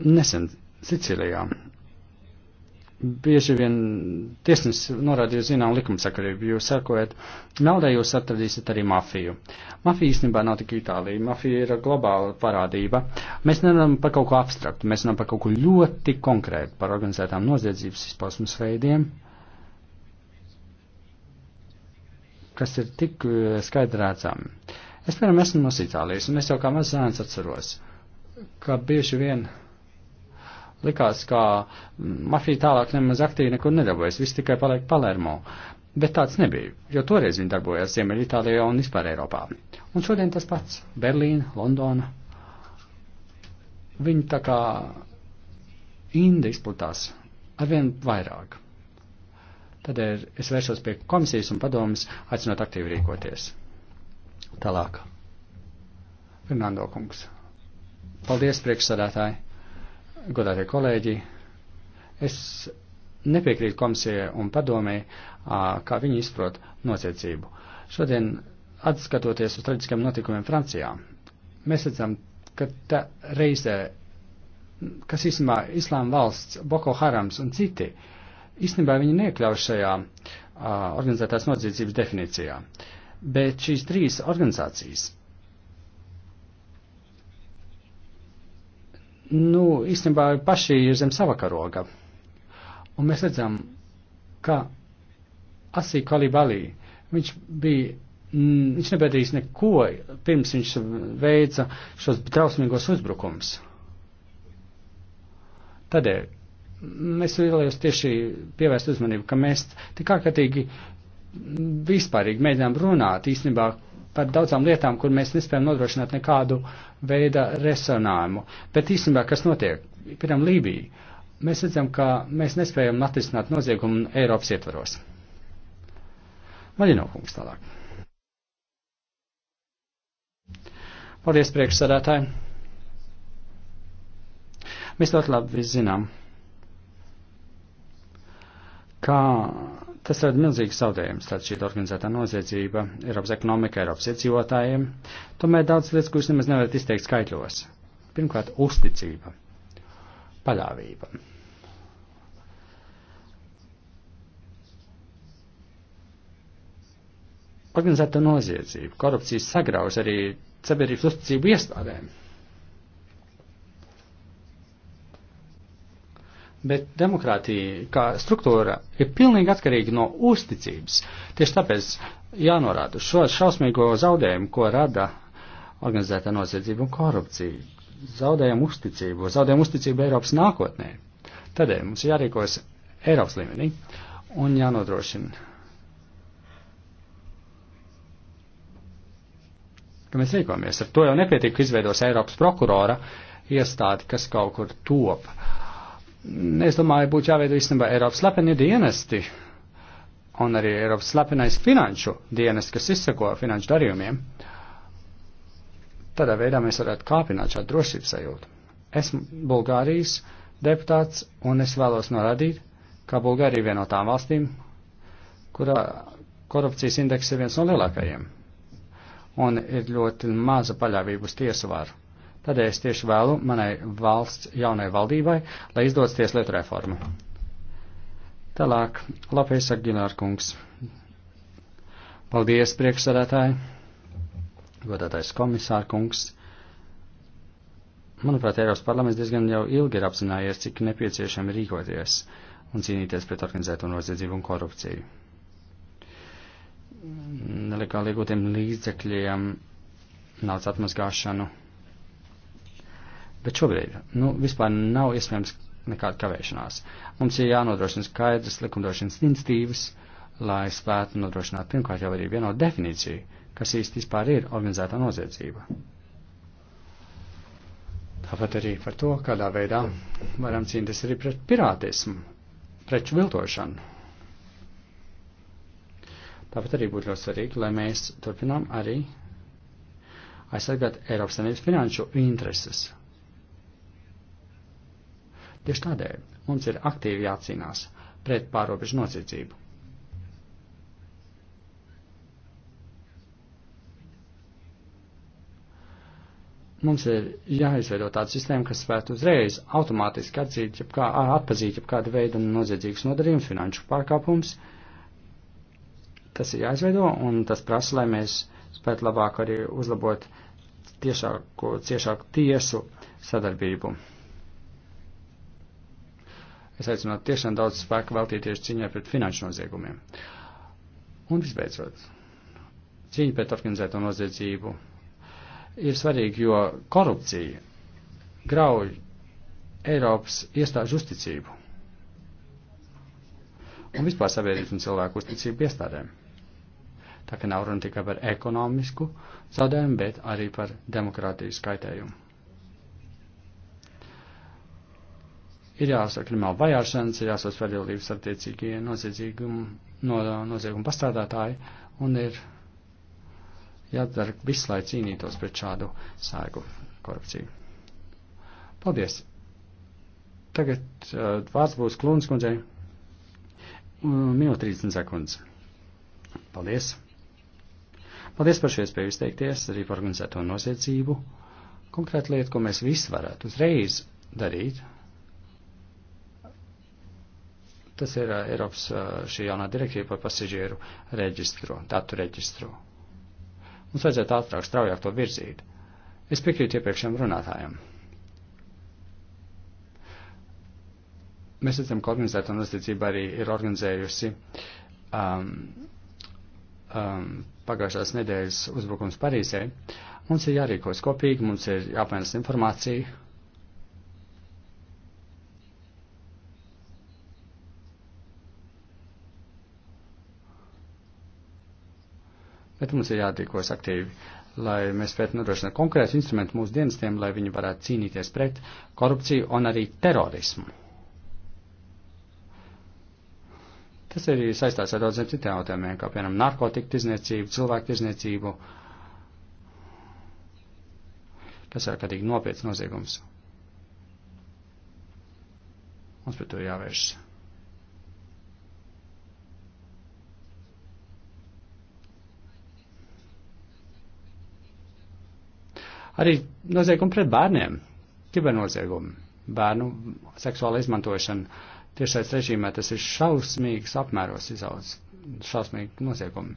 Nesen Sicilijā bieži vien tiesnesis norādīja zinām likumsakarību, jūs sakojat, naudai jūs atradīsiet arī mafiju. Mafija īstenībā nav tik Itālija, mafija ir globāla parādība. Mēs nerunājam par kaut ko abstraktu, mēs runājam par kaut ko ļoti konkrētu, par organizētām noziedzības izpausmas veidiem, kas ir tik eh, skaidrācām. Es, piemēram, esmu no Itālijas, un es jau kā mazs zēns atceros, ka bieži vien likās, ka mafija tālāk nemaz aktīvi nekur nedarbojas, viss tikai paliek Palermo. Bet tāds nebija, jo toreiz viņi darbojās Ziemeļitālijā un vispār Eiropā. Un šodien tas pats - Berlīna, Londona. Viņi tā kā inda izplatās arvien vairāk. Tādēļ es vēršos pie komisijas un padomas, aicinot aktīvi rīkoties. Tālāk. Fernando kungs. Paldies, priekšsādātāji! godātie kolēģi, es nepiekrītu komisijai un padomē, kā viņi izprot nociecību. Šodien, atskatoties uz traģiskiem notikumiem Francijā, mēs redzam, ka tā reizē, kas īstenībā Islāma valsts, Boko Harams un citi, īstenībā viņi neiekļauj šajā organizētās nociecības definīcijā. Bet šīs trīs organizācijas nu, īstenībā paši ir zem sava karoga. Un mēs redzam, ka Asī Kalibalī, viņš bija, m, viņš nebēdījis neko, pirms viņš veica šos drausmīgos uzbrukums. Tādēļ mēs vēlējos tieši pievērst uzmanību, ka mēs tik ārkārtīgi vispārīgi mēģinām runāt īstenībā, par daudzām lietām, kur mēs nespējam nodrošināt nekādu veidu resonējumu. Bet īstenībā, kas notiek? Piemēram, Lībija. Mēs redzam, ka mēs nespējam atrisināt noziegumu Eiropas ietvaros. Maļinokungs tālāk. Paldies, priekšsādātāji. Mēs ļoti labi zinām, kā Tas rada milzīgs zaudējums, tad šī organizētā noziedzība Eiropas ekonomika, Eiropas iedzīvotājiem. Tomēr daudz lietas, kuras nemaz nevarat izteikt skaitļos. Pirmkārt, uzticība, paļāvība. Organizēta noziedzība, korupcija sagrauz arī sabiedrības uzticību iestādēm. Bet demokrātija kā struktūra ir pilnīgi atkarīga no uzticības. Tieši tāpēc jānorāda šo šausmīgo zaudējumu, ko rada organizētā noziedzība un korupcija. Zaudējam uzticību, zaudējam uzticību Eiropas nākotnē. Tādēļ mums jārīkojas Eiropas līmenī un jānodrošina, ka mēs rīkojamies. Ar to jau nepietiek, ka izveidos Eiropas prokurora iestādi, kas kaut kur top. Uh, es domāju, būtu jāveido īstenībā Eiropas slepeni dienesti un arī Eiropas slepenais finanšu dienests, kas izseko finanšu darījumiem. Tādā veidā mēs varētu kāpināt šādu drošības sajūtu. Esmu Bulgārijas deputāts un es vēlos norādīt, ka Bulgārija ir viena no tām valstīm, kurā korupcijas indeks ir viens no lielākajiem un ir ļoti maza paļāvība uz tiesu varu. Tādēļ es tieši vēlu manai valsts jaunai valdībai, lai izdodas tieslietu reforma. Tālāk, Lapēs Agilārkungs. Paldies, priekšsarētāji, godātais komisārkungs. Manuprāt, Eiropas parlaments diezgan jau ilgi ir apzinājies, cik nepieciešami rīkoties un cīnīties pret organizēto noziedzību un korupciju. Nelegāli iegūtiem līdzekļiem naudas atmazgāšanu Bet šobrīd nu, vispār nav iespējams nekāda kavēšanās. Mums ir jānodrošina skaidrs likumdošanas institīvas, lai spētu nodrošināt pirmkārt jau arī vienotu definīciju, kas īsti vispār ir organizētā noziedzība. Tāpat arī par to, kādā veidā varam cīnīties arī pret pirātismu, preču viltošanu. Tāpat arī būtu ļoti svarīgi, lai mēs turpinām arī aizsargāt Eiropas Savienības finanšu intereses Tieši tādēļ mums ir aktīvi jācīnās pret pārobežu nocīdzību. Mums ir jāizveido tāda sistēma, kas spētu uzreiz automātiski atzīt, jebkā, atpazīt jebkādu veidu noziedzīgus nodarījumus, finanšu pārkāpumus. Tas ir jāizveido, un tas prasa, lai mēs spētu labāk arī uzlabot tiešāku, ciešāku tiesu sadarbību. Es aicinātu tiešām daudz spēku veltīt tieši cīņai pret finanšu noziegumiem. Un visbeidzot, cīņa pret organizēto noziedzību ir svarīga, jo korupcija grauj Eiropas iestāžu uzticību un vispār sabiedrības un cilvēku uzticību iestādēm. Tā ka nav runa tikai par ekonomisku zaudējumu, bet arī par demokrātiju skaitējumu. Ir jāsaka krimināla vajāšanas, ir jāsaka svarīgības attiecīgie noziedzīguma, no, nozieguma pastrādātāji un ir jādara viss, lai cīnītos pret šādu sēgu korupciju. Paldies! Tagad uh, vārds būs Klūnas kundzei. Uh, minūte 30 sekundes. Paldies! Paldies par šo iespēju izteikties, arī par organizēto noziedzību. Konkrēta lieta, ko mēs visi varētu uzreiz darīt, Tas ir Eiropas šī jaunā direktīva par pasažieru reģistru, datu reģistru. Mums vajadzētu ātrāk, straujāk to virzīt. Es piekrītu iepriekšējiem runātājiem. Mēs redzam, ka organizēta noziedzība arī ir organizējusi um, um, pagājušās nedēļas uzbrukums Parīzē. Mums ir jārīkos kopīgi, mums ir jāpainas informācija, Bet mums ir jātīkojas aktīvi, lai mēs spētu nodrošināt konkrēts instruments mūsu dienestiem, lai viņi varētu cīnīties pret korupciju un arī terorismu. Tas arī saistās ar daudziem citiem jautājumiem, kā piemēram narkotika tirzniecību, cilvēku tirzniecību, kas ir kādīgi nopietns noziegums. Mums pret to jāvēršas. Arī noziegumi pret bērniem, kibernoziegumi, bērnu seksuāla izmantošana. Tiešais režīmē tas ir šausmīgs apmēros izaugs, šausmīgi noziegumi.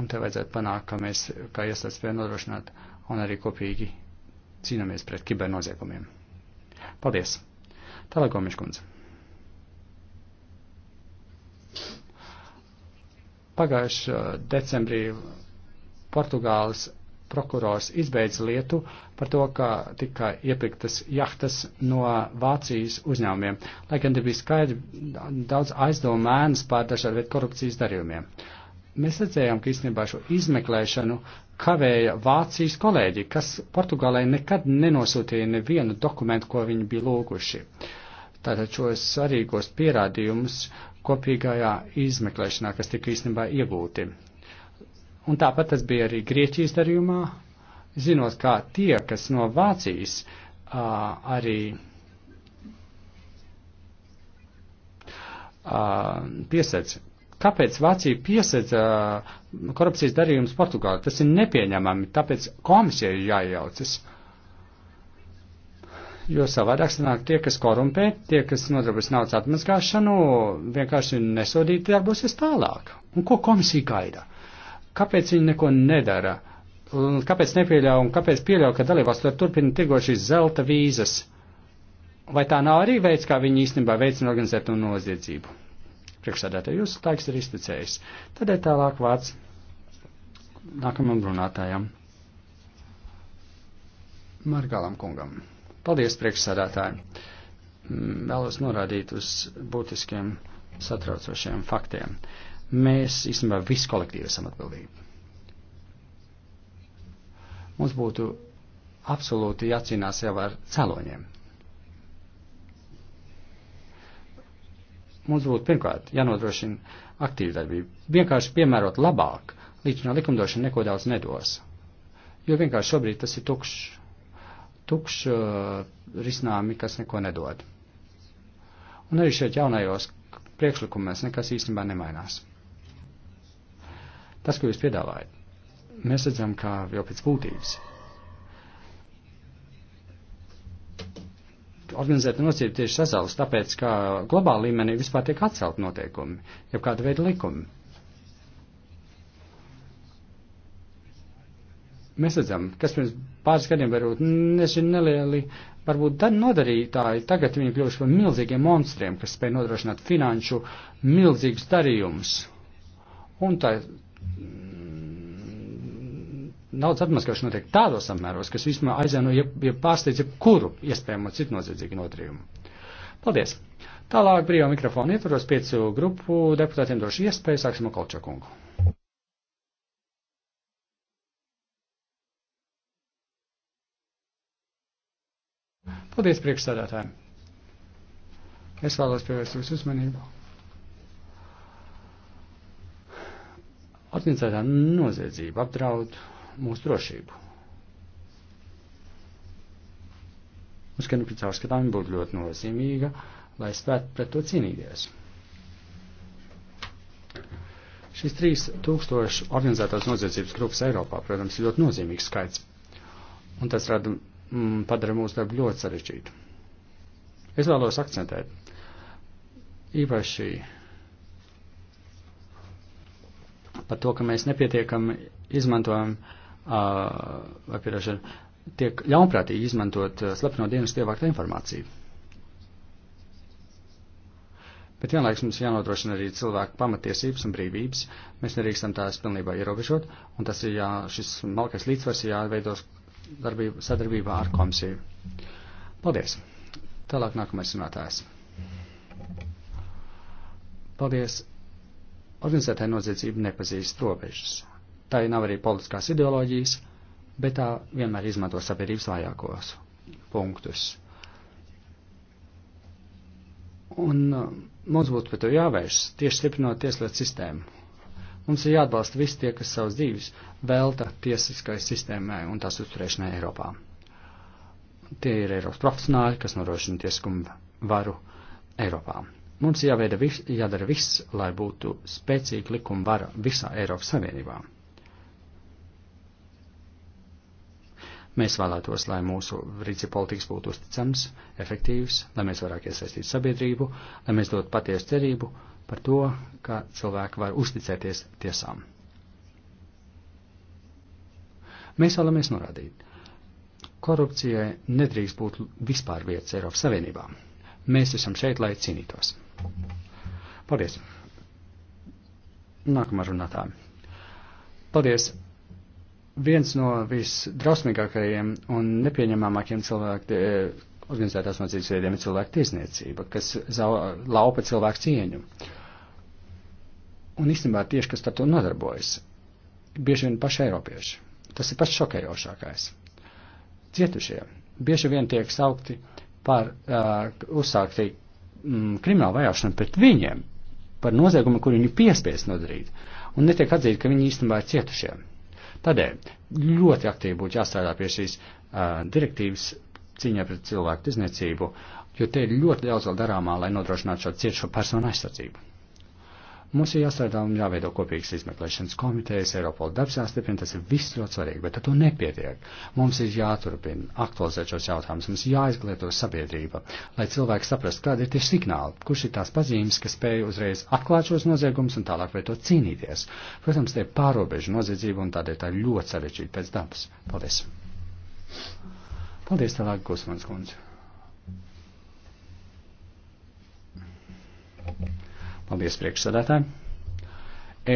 Un te vajadzētu panākt, ka mēs, kā iestādes, spējam nodrošināt un arī kopīgi cīnāmies pret kibernoziegumiem. Paldies! Tālāk, Gomiš kundze. Pagājušā decembrī Portugāles prokurors izbeidz lietu par to, ka tika iepirktas jahtas no Vācijas uzņēmumiem, lai gan te bija skaidri daudz aizdomu mēnes pār dažādu veidu korupcijas darījumiem. Mēs redzējām, ka īstenībā šo izmeklēšanu kavēja Vācijas kolēģi, kas Portugālē nekad nenosūtīja nevienu dokumentu, ko viņi bija lūguši. Tātad šos svarīgos pierādījumus kopīgajā izmeklēšanā, kas tika īstenībā iegūti. Un tāpat tas bija arī Grieķijas darījumā, zinot, kā tie, kas no Vācijas uh, arī uh, piesedz. Kāpēc Vācija piesedz uh, korupcijas darījumus Portugāli? Tas ir nepieņemami, tāpēc komisija ir jājaucas. Jo savādāk sanāk tie, kas korumpē, tie, kas nodarbojas naudas atmazgāšanu, vienkārši nesodīti darbosies tālāk. Un ko komisija gaida? Kāpēc viņi neko nedara? Kāpēc nepieļauj un kāpēc pieļauj, ka dalībās tur turpina tirgot šīs zelta vīzas? Vai tā nav arī veids, kā viņi īstenībā veicina organizēto noziedzību? Priekšsādātāji, jūsu laiks ir izticējis. Tad ir tālāk vārds nākamajam runātājam. Margālam kungam. Paldies, priekšsādātāji. Mm, vēlos norādīt uz būtiskiem satraucošiem faktiem. Uh, Mēs, īstenībā, visi kolektīvi esam atbildīgi. Mums būtu absolūti jācīnās jau ar cēloņiem. Mums būtu pirmkārt jānodrošina aktīva darbība. Vienkārši piemērot labāk, līdz no likumdošana neko daudz nedos. Jo vienkārši šobrīd tas ir tukšs, tukšs uh, risinājumi, kas neko nedod. Un arī šeit jaunajos priekšlikumos nekas īstenībā nemainās. Tas, ko jūs piedāvājat, mēs redzam, kā jau pēc būtības. Organizēta nozīme tieši sazāles, tāpēc, ka globāla līmenī vispār tiek atcelt noteikumi, jau kāda veida likumi. Mēs redzam, kas pirms pāris gadiem varbūt, nezinu, nelieli, varbūt nodarītāji, tagad viņi kļuvuši par milzīgiem monstriem, kas spēj nodrošināt finanšu milzīgus darījumus. Un tā Mm, naudas atmaskošana notiek tādos apmēros, kas vispār aizēno, ja, ja pārsteidz jebkuru iespējamo citu noziedzīgu notrījumu. Paldies! Tālāk brīvā mikrofona ietvaros piecu grupu deputātiem došu iespēju, sāksim ar Kolčakungu. Paldies, priekšsādātāji! Es vēlos pievērst jūsu uzmanību Organizētā noziedzība apdraud mūsu drošību. Uzskatu, ka caurskatāmība būtu ļoti nozīmīga, lai spētu pret to cīnīties. Šis 3000 organizētās noziedzības grupas Eiropā, protams, ir ļoti nozīmīgs skaits, un tas rada, m, mm, padara mūsu darbu ļoti sarežģītu. Es vēlos akcentēt īpaši par to, ka mēs nepietiekami izmantojam, uh, vai pierašana, tiek ļaunprātīgi izmantot uh, slepeno dienas ievāktā informāciju. Bet vienlaiks mums jānodrošina arī cilvēku pamatiesības un brīvības. Mēs nerīkstam tās pilnībā ierobežot, un tas ir jā, šis malkais līdzsvars ir jāveidos darbība, sadarbībā ar komisiju. Paldies! Tālāk nākamais runātājs. Paldies! Organizētai noziedzība nepazīst robežas. Tā nav arī politiskās ideoloģijas, bet tā vienmēr izmanto sabiedrības vājākos punktus. Un uh, mums būtu par to jāvēršas, tieši stiprinot tieslietu sistēmu. Mums ir jāatbalsta visi tie, kas savas dzīves velta tiesiskai sistēmai un tās uzturēšanai Eiropā. Tie ir Eiropas profesionāļi, kas norošina tiesiskumu varu Eiropā. Mums jāveida vis, jādara viss, lai būtu spēcīga likuma vara visā Eiropas Savienībā. Mēs vēlētos, lai mūsu rīcība politikas būtu uzticams, efektīvs, lai mēs vairāk iesaistītu sabiedrību, lai mēs dotu patiesu cerību par to, ka cilvēki var uzticēties tiesām. Mēs vēlamies norādīt, korupcijai nedrīkst būt vispār vietas Eiropas Savienībā. Mēs esam šeit, lai cīnītos. Paldies! Nākamā runātāja. Paldies! Viens no visdrausmīgākajiem un nepieņemamākiem cilvēku eh, organizētās nocīdus veidiem ir cilvēku tiesniecība, kas zau, laupa cilvēku cieņu. Un īstenībā tieši, kas par to nodarbojas, bieži vien paši eiropieši. Tas ir pats šokējošākais. Cietušie bieži vien tiek saukti par uh, uzsāktī mm, krimināla vajāšana pret viņiem par noziegumu, kur viņi piespiest nodarīt, un netiek atzīt, ka viņi īstenībā ir cietušie. Tādēļ ļoti aktīvi būtu jāstrādā pie šīs uh, direktīvas cīņā pret cilvēku tirzniecību, jo te ir ļoti daudz vēl darāmā, lai nodrošinātu šo cietušo personu aizsardzību. Mums ir jāstrādā un jāveido kopīgas izmeklēšanas komitejas, Eiropola darbs jāstiprina, tas ir viss ļoti svarīgi, bet ar to nepietiek. Mums ir jāturpina aktualizēt šos jautājumus, mums jāizglieto sabiedrība, lai cilvēki saprastu, kāda ir tie signāli, kurš ir tās pazīmes, kas spēj uzreiz atklāt šos noziegumus un tālāk vai to cīnīties. Protams, tie pārobežu noziedzība un tādēļ tā ir ļoti sarežģīta pēc dabas. Paldies! Paldies, tālāk, Gusmans kundze! Paldies priekšsēdētājiem.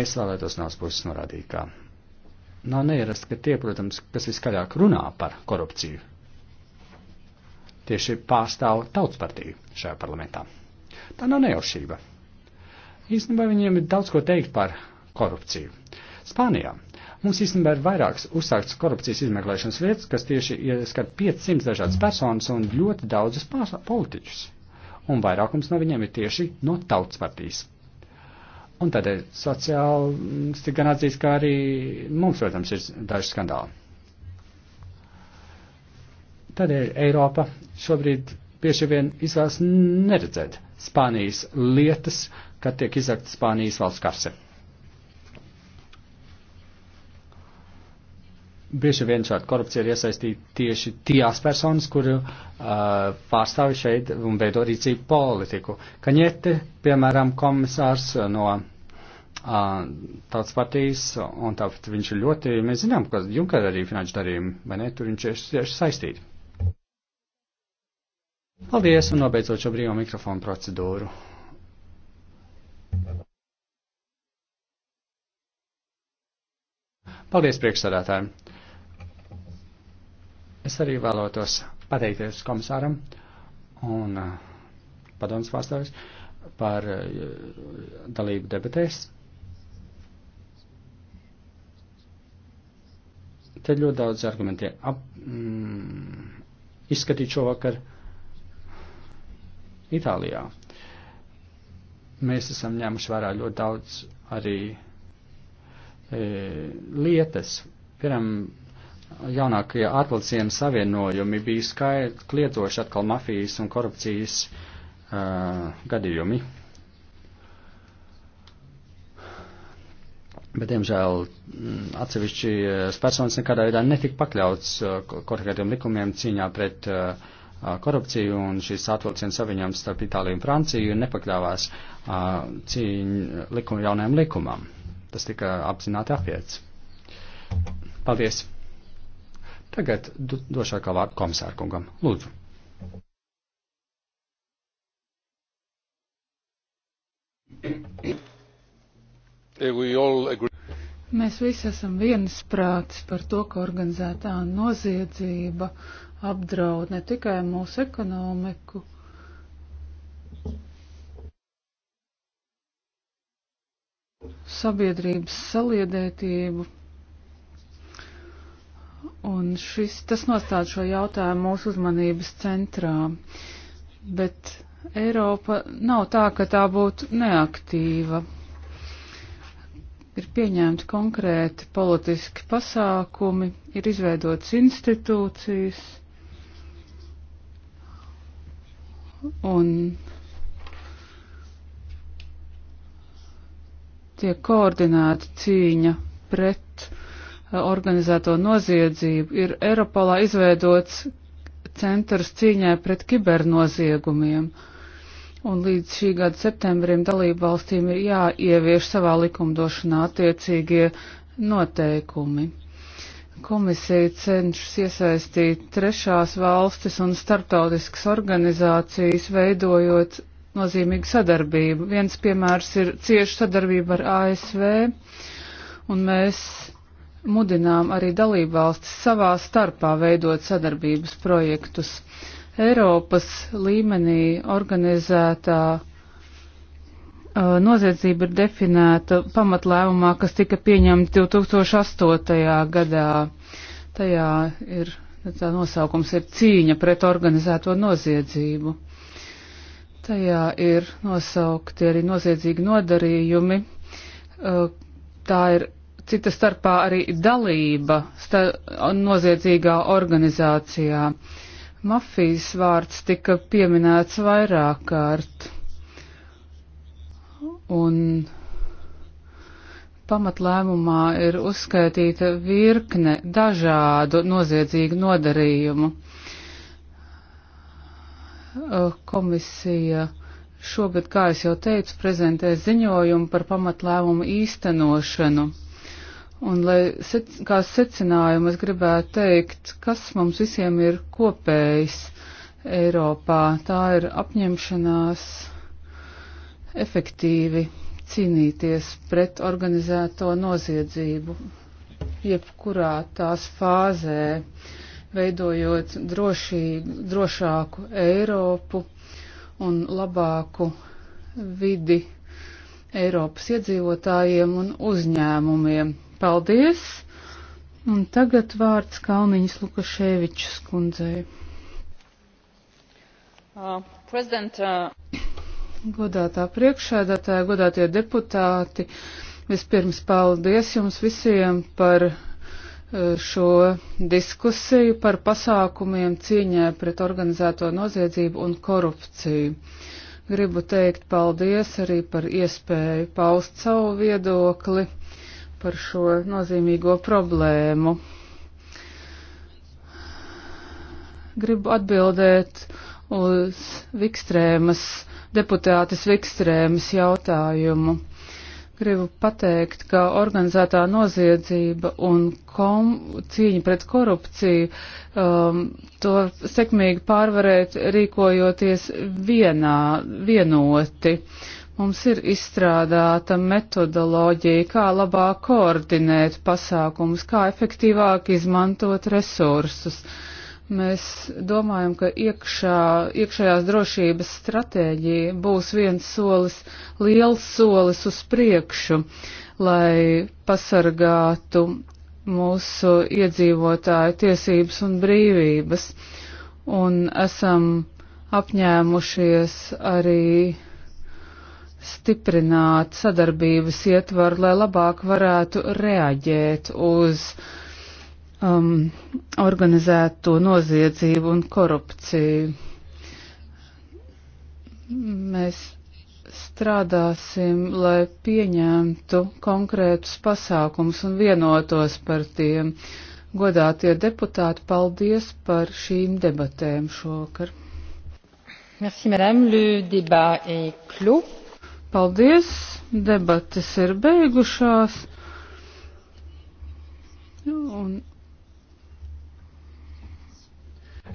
Es vēlētos no puses norādīt, ka nav neierasts, ka tie, protams, kas viskaļāk runā par korupciju, tieši pārstāv tautas partiju šajā parlamentā. Tā nav nejaušība. Īstenībā viņiem ir daudz ko teikt par korupciju. Spānijā mums īstenībā ir vairākas uzsāktas korupcijas izmeklēšanas lietas, kas tieši ieskar 500 dažādas personas un ļoti daudzus politiķus un vairākums no viņiem ir tieši no tautas partijas. Un tādēļ sociālisti gan atzīst, ka arī mums, protams, ir daži skandāli. Tādēļ Eiropa šobrīd bieži vien izvēlas neredzēt Spānijas lietas, kad tiek izrakta Spānijas valsts karse. bieži vien šāda korupcija ir iesaistīta tieši tajās personas, kuru uh, pārstāvi šeit un veido rīcību politiku. Kaņete, piemēram, komisārs no uh, tautas partijas, un tāpēc viņš ir ļoti, mēs zinām, ka Junker arī finanšu darījumi, vai ne, tur viņš ir tieši saistīti. Paldies, un nobeidzot šo brīvo mikrofonu procedūru. Paldies priekšsādātājiem! Es arī vēlētos pateikties komisāram un uh, padomas pārstāvis par uh, dalību debatēs. Te ļoti daudz argumenti ap, mm, izskatīt šovakar Itālijā. Mēs esam ņēmuši vērā ļoti daudz arī e, lietas. Piemēram, jaunākie atlasījuma savienojumi bija skait, klietoši atkal mafijas un korupcijas uh, gadījumi. Bet, diemžēl, mm, atsevišķi personas nekādā veidā netika pakļauts uh, konkrētiem likumiem cīņā pret uh, korupciju un šīs atvilciens saviņojums starp Itāliju un Franciju nepakļāvās uh, cīņu likuma jaunajam likumam. Tas tika apzināti apiets. Paldies! Tagad došā kā vārdu komisārkungam. Lūdzu. Eh, Mēs visi esam viensprāts par to, ka organizētā noziedzība apdraud ne tikai mūsu ekonomiku, sabiedrības saliedētību, Un šis, tas nostāda šo jautājumu mūsu uzmanības centrā. Bet Eiropa nav tā, ka tā būtu neaktīva. Ir pieņemti konkrēti politiski pasākumi, ir izveidotas institūcijas un tiek koordinēta cīņa pret organizēto noziedzību, ir Eiropolā izveidots centrs cīņai pret kibernoziegumiem. Un līdz šī gada septembrim dalību valstīm ir jāievieš savā likumdošanā attiecīgie noteikumi. Komisija cenšas iesaistīt trešās valstis un starptautiskas organizācijas, veidojot nozīmīgu sadarbību. Viens piemērs ir cieša sadarbība ar ASV, un mēs mudinām arī dalībvalstis savā starpā veidot sadarbības projektus. Eiropas līmenī organizētā uh, noziedzība ir definēta pamatlēmumā, kas tika pieņemta 2008. gadā. Tajā ir, tā nosaukums ir cīņa pret organizēto noziedzību. Tajā ir nosaukti arī noziedzīgi nodarījumi. Uh, tā ir cita starpā arī dalība sta noziedzīgā organizācijā. Mafijas vārds tika pieminēts vairāk kārt. Un pamatlēmumā ir uzskaitīta virkne dažādu noziedzīgu nodarījumu. Komisija šogad, kā es jau teicu, prezentēs ziņojumu par pamatlēmumu īstenošanu. Un, lai sec, kā secinājumu, es gribētu teikt, kas mums visiem ir kopējis Eiropā. Tā ir apņemšanās efektīvi cīnīties pret organizēto noziedzību, jebkurā tās fāzē, veidojot drošīgu, drošāku Eiropu un labāku vidi Eiropas iedzīvotājiem un uzņēmumiem Paldies! Un tagad vārds Kalniņas Lukaševičs kundzei. Uh, uh... Godātā priekšēdātāja, godātie deputāti, vispirms paldies jums visiem par uh, šo diskusiju par pasākumiem cīņā pret organizēto noziedzību un korupciju. Gribu teikt paldies arī par iespēju paust savu viedokli par šo nozīmīgo problēmu. Gribu atbildēt uz Vikstrēmas, deputātes Vikstrēmas jautājumu. Gribu pateikt, ka organizētā noziedzība un kom, cīņa pret korupciju um, to sekmīgi pārvarēt rīkojoties vienā, vienoti. Mums ir izstrādāta metodoloģija, kā labāk koordinēt pasākumus, kā efektīvāk izmantot resursus. Mēs domājam, ka iekšā, iekšējās drošības stratēģija būs viens solis, liels solis uz priekšu, lai pasargātu mūsu iedzīvotāju tiesības un brīvības. Un esam apņēmušies arī stiprināt sadarbības ietvaru, lai labāk varētu reaģēt uz um, organizēto noziedzību un korupciju. Mēs strādāsim, lai pieņemtu konkrētus pasākums un vienotos par tiem. Godātie deputāti, paldies par šīm debatēm šovakar. Merci, madame. Le débat est clos. Paldies, debatas ir beigušās. Nu, un...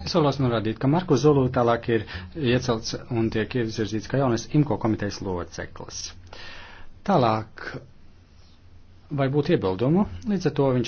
Es vēlos norādīt, ka Marko Zolu tālāk ir iecelts un tiek ievirzīts kā jaunais IMCO komitejas loceklis. Tālāk, vai būtu iebildumu? Līdz ar to viņš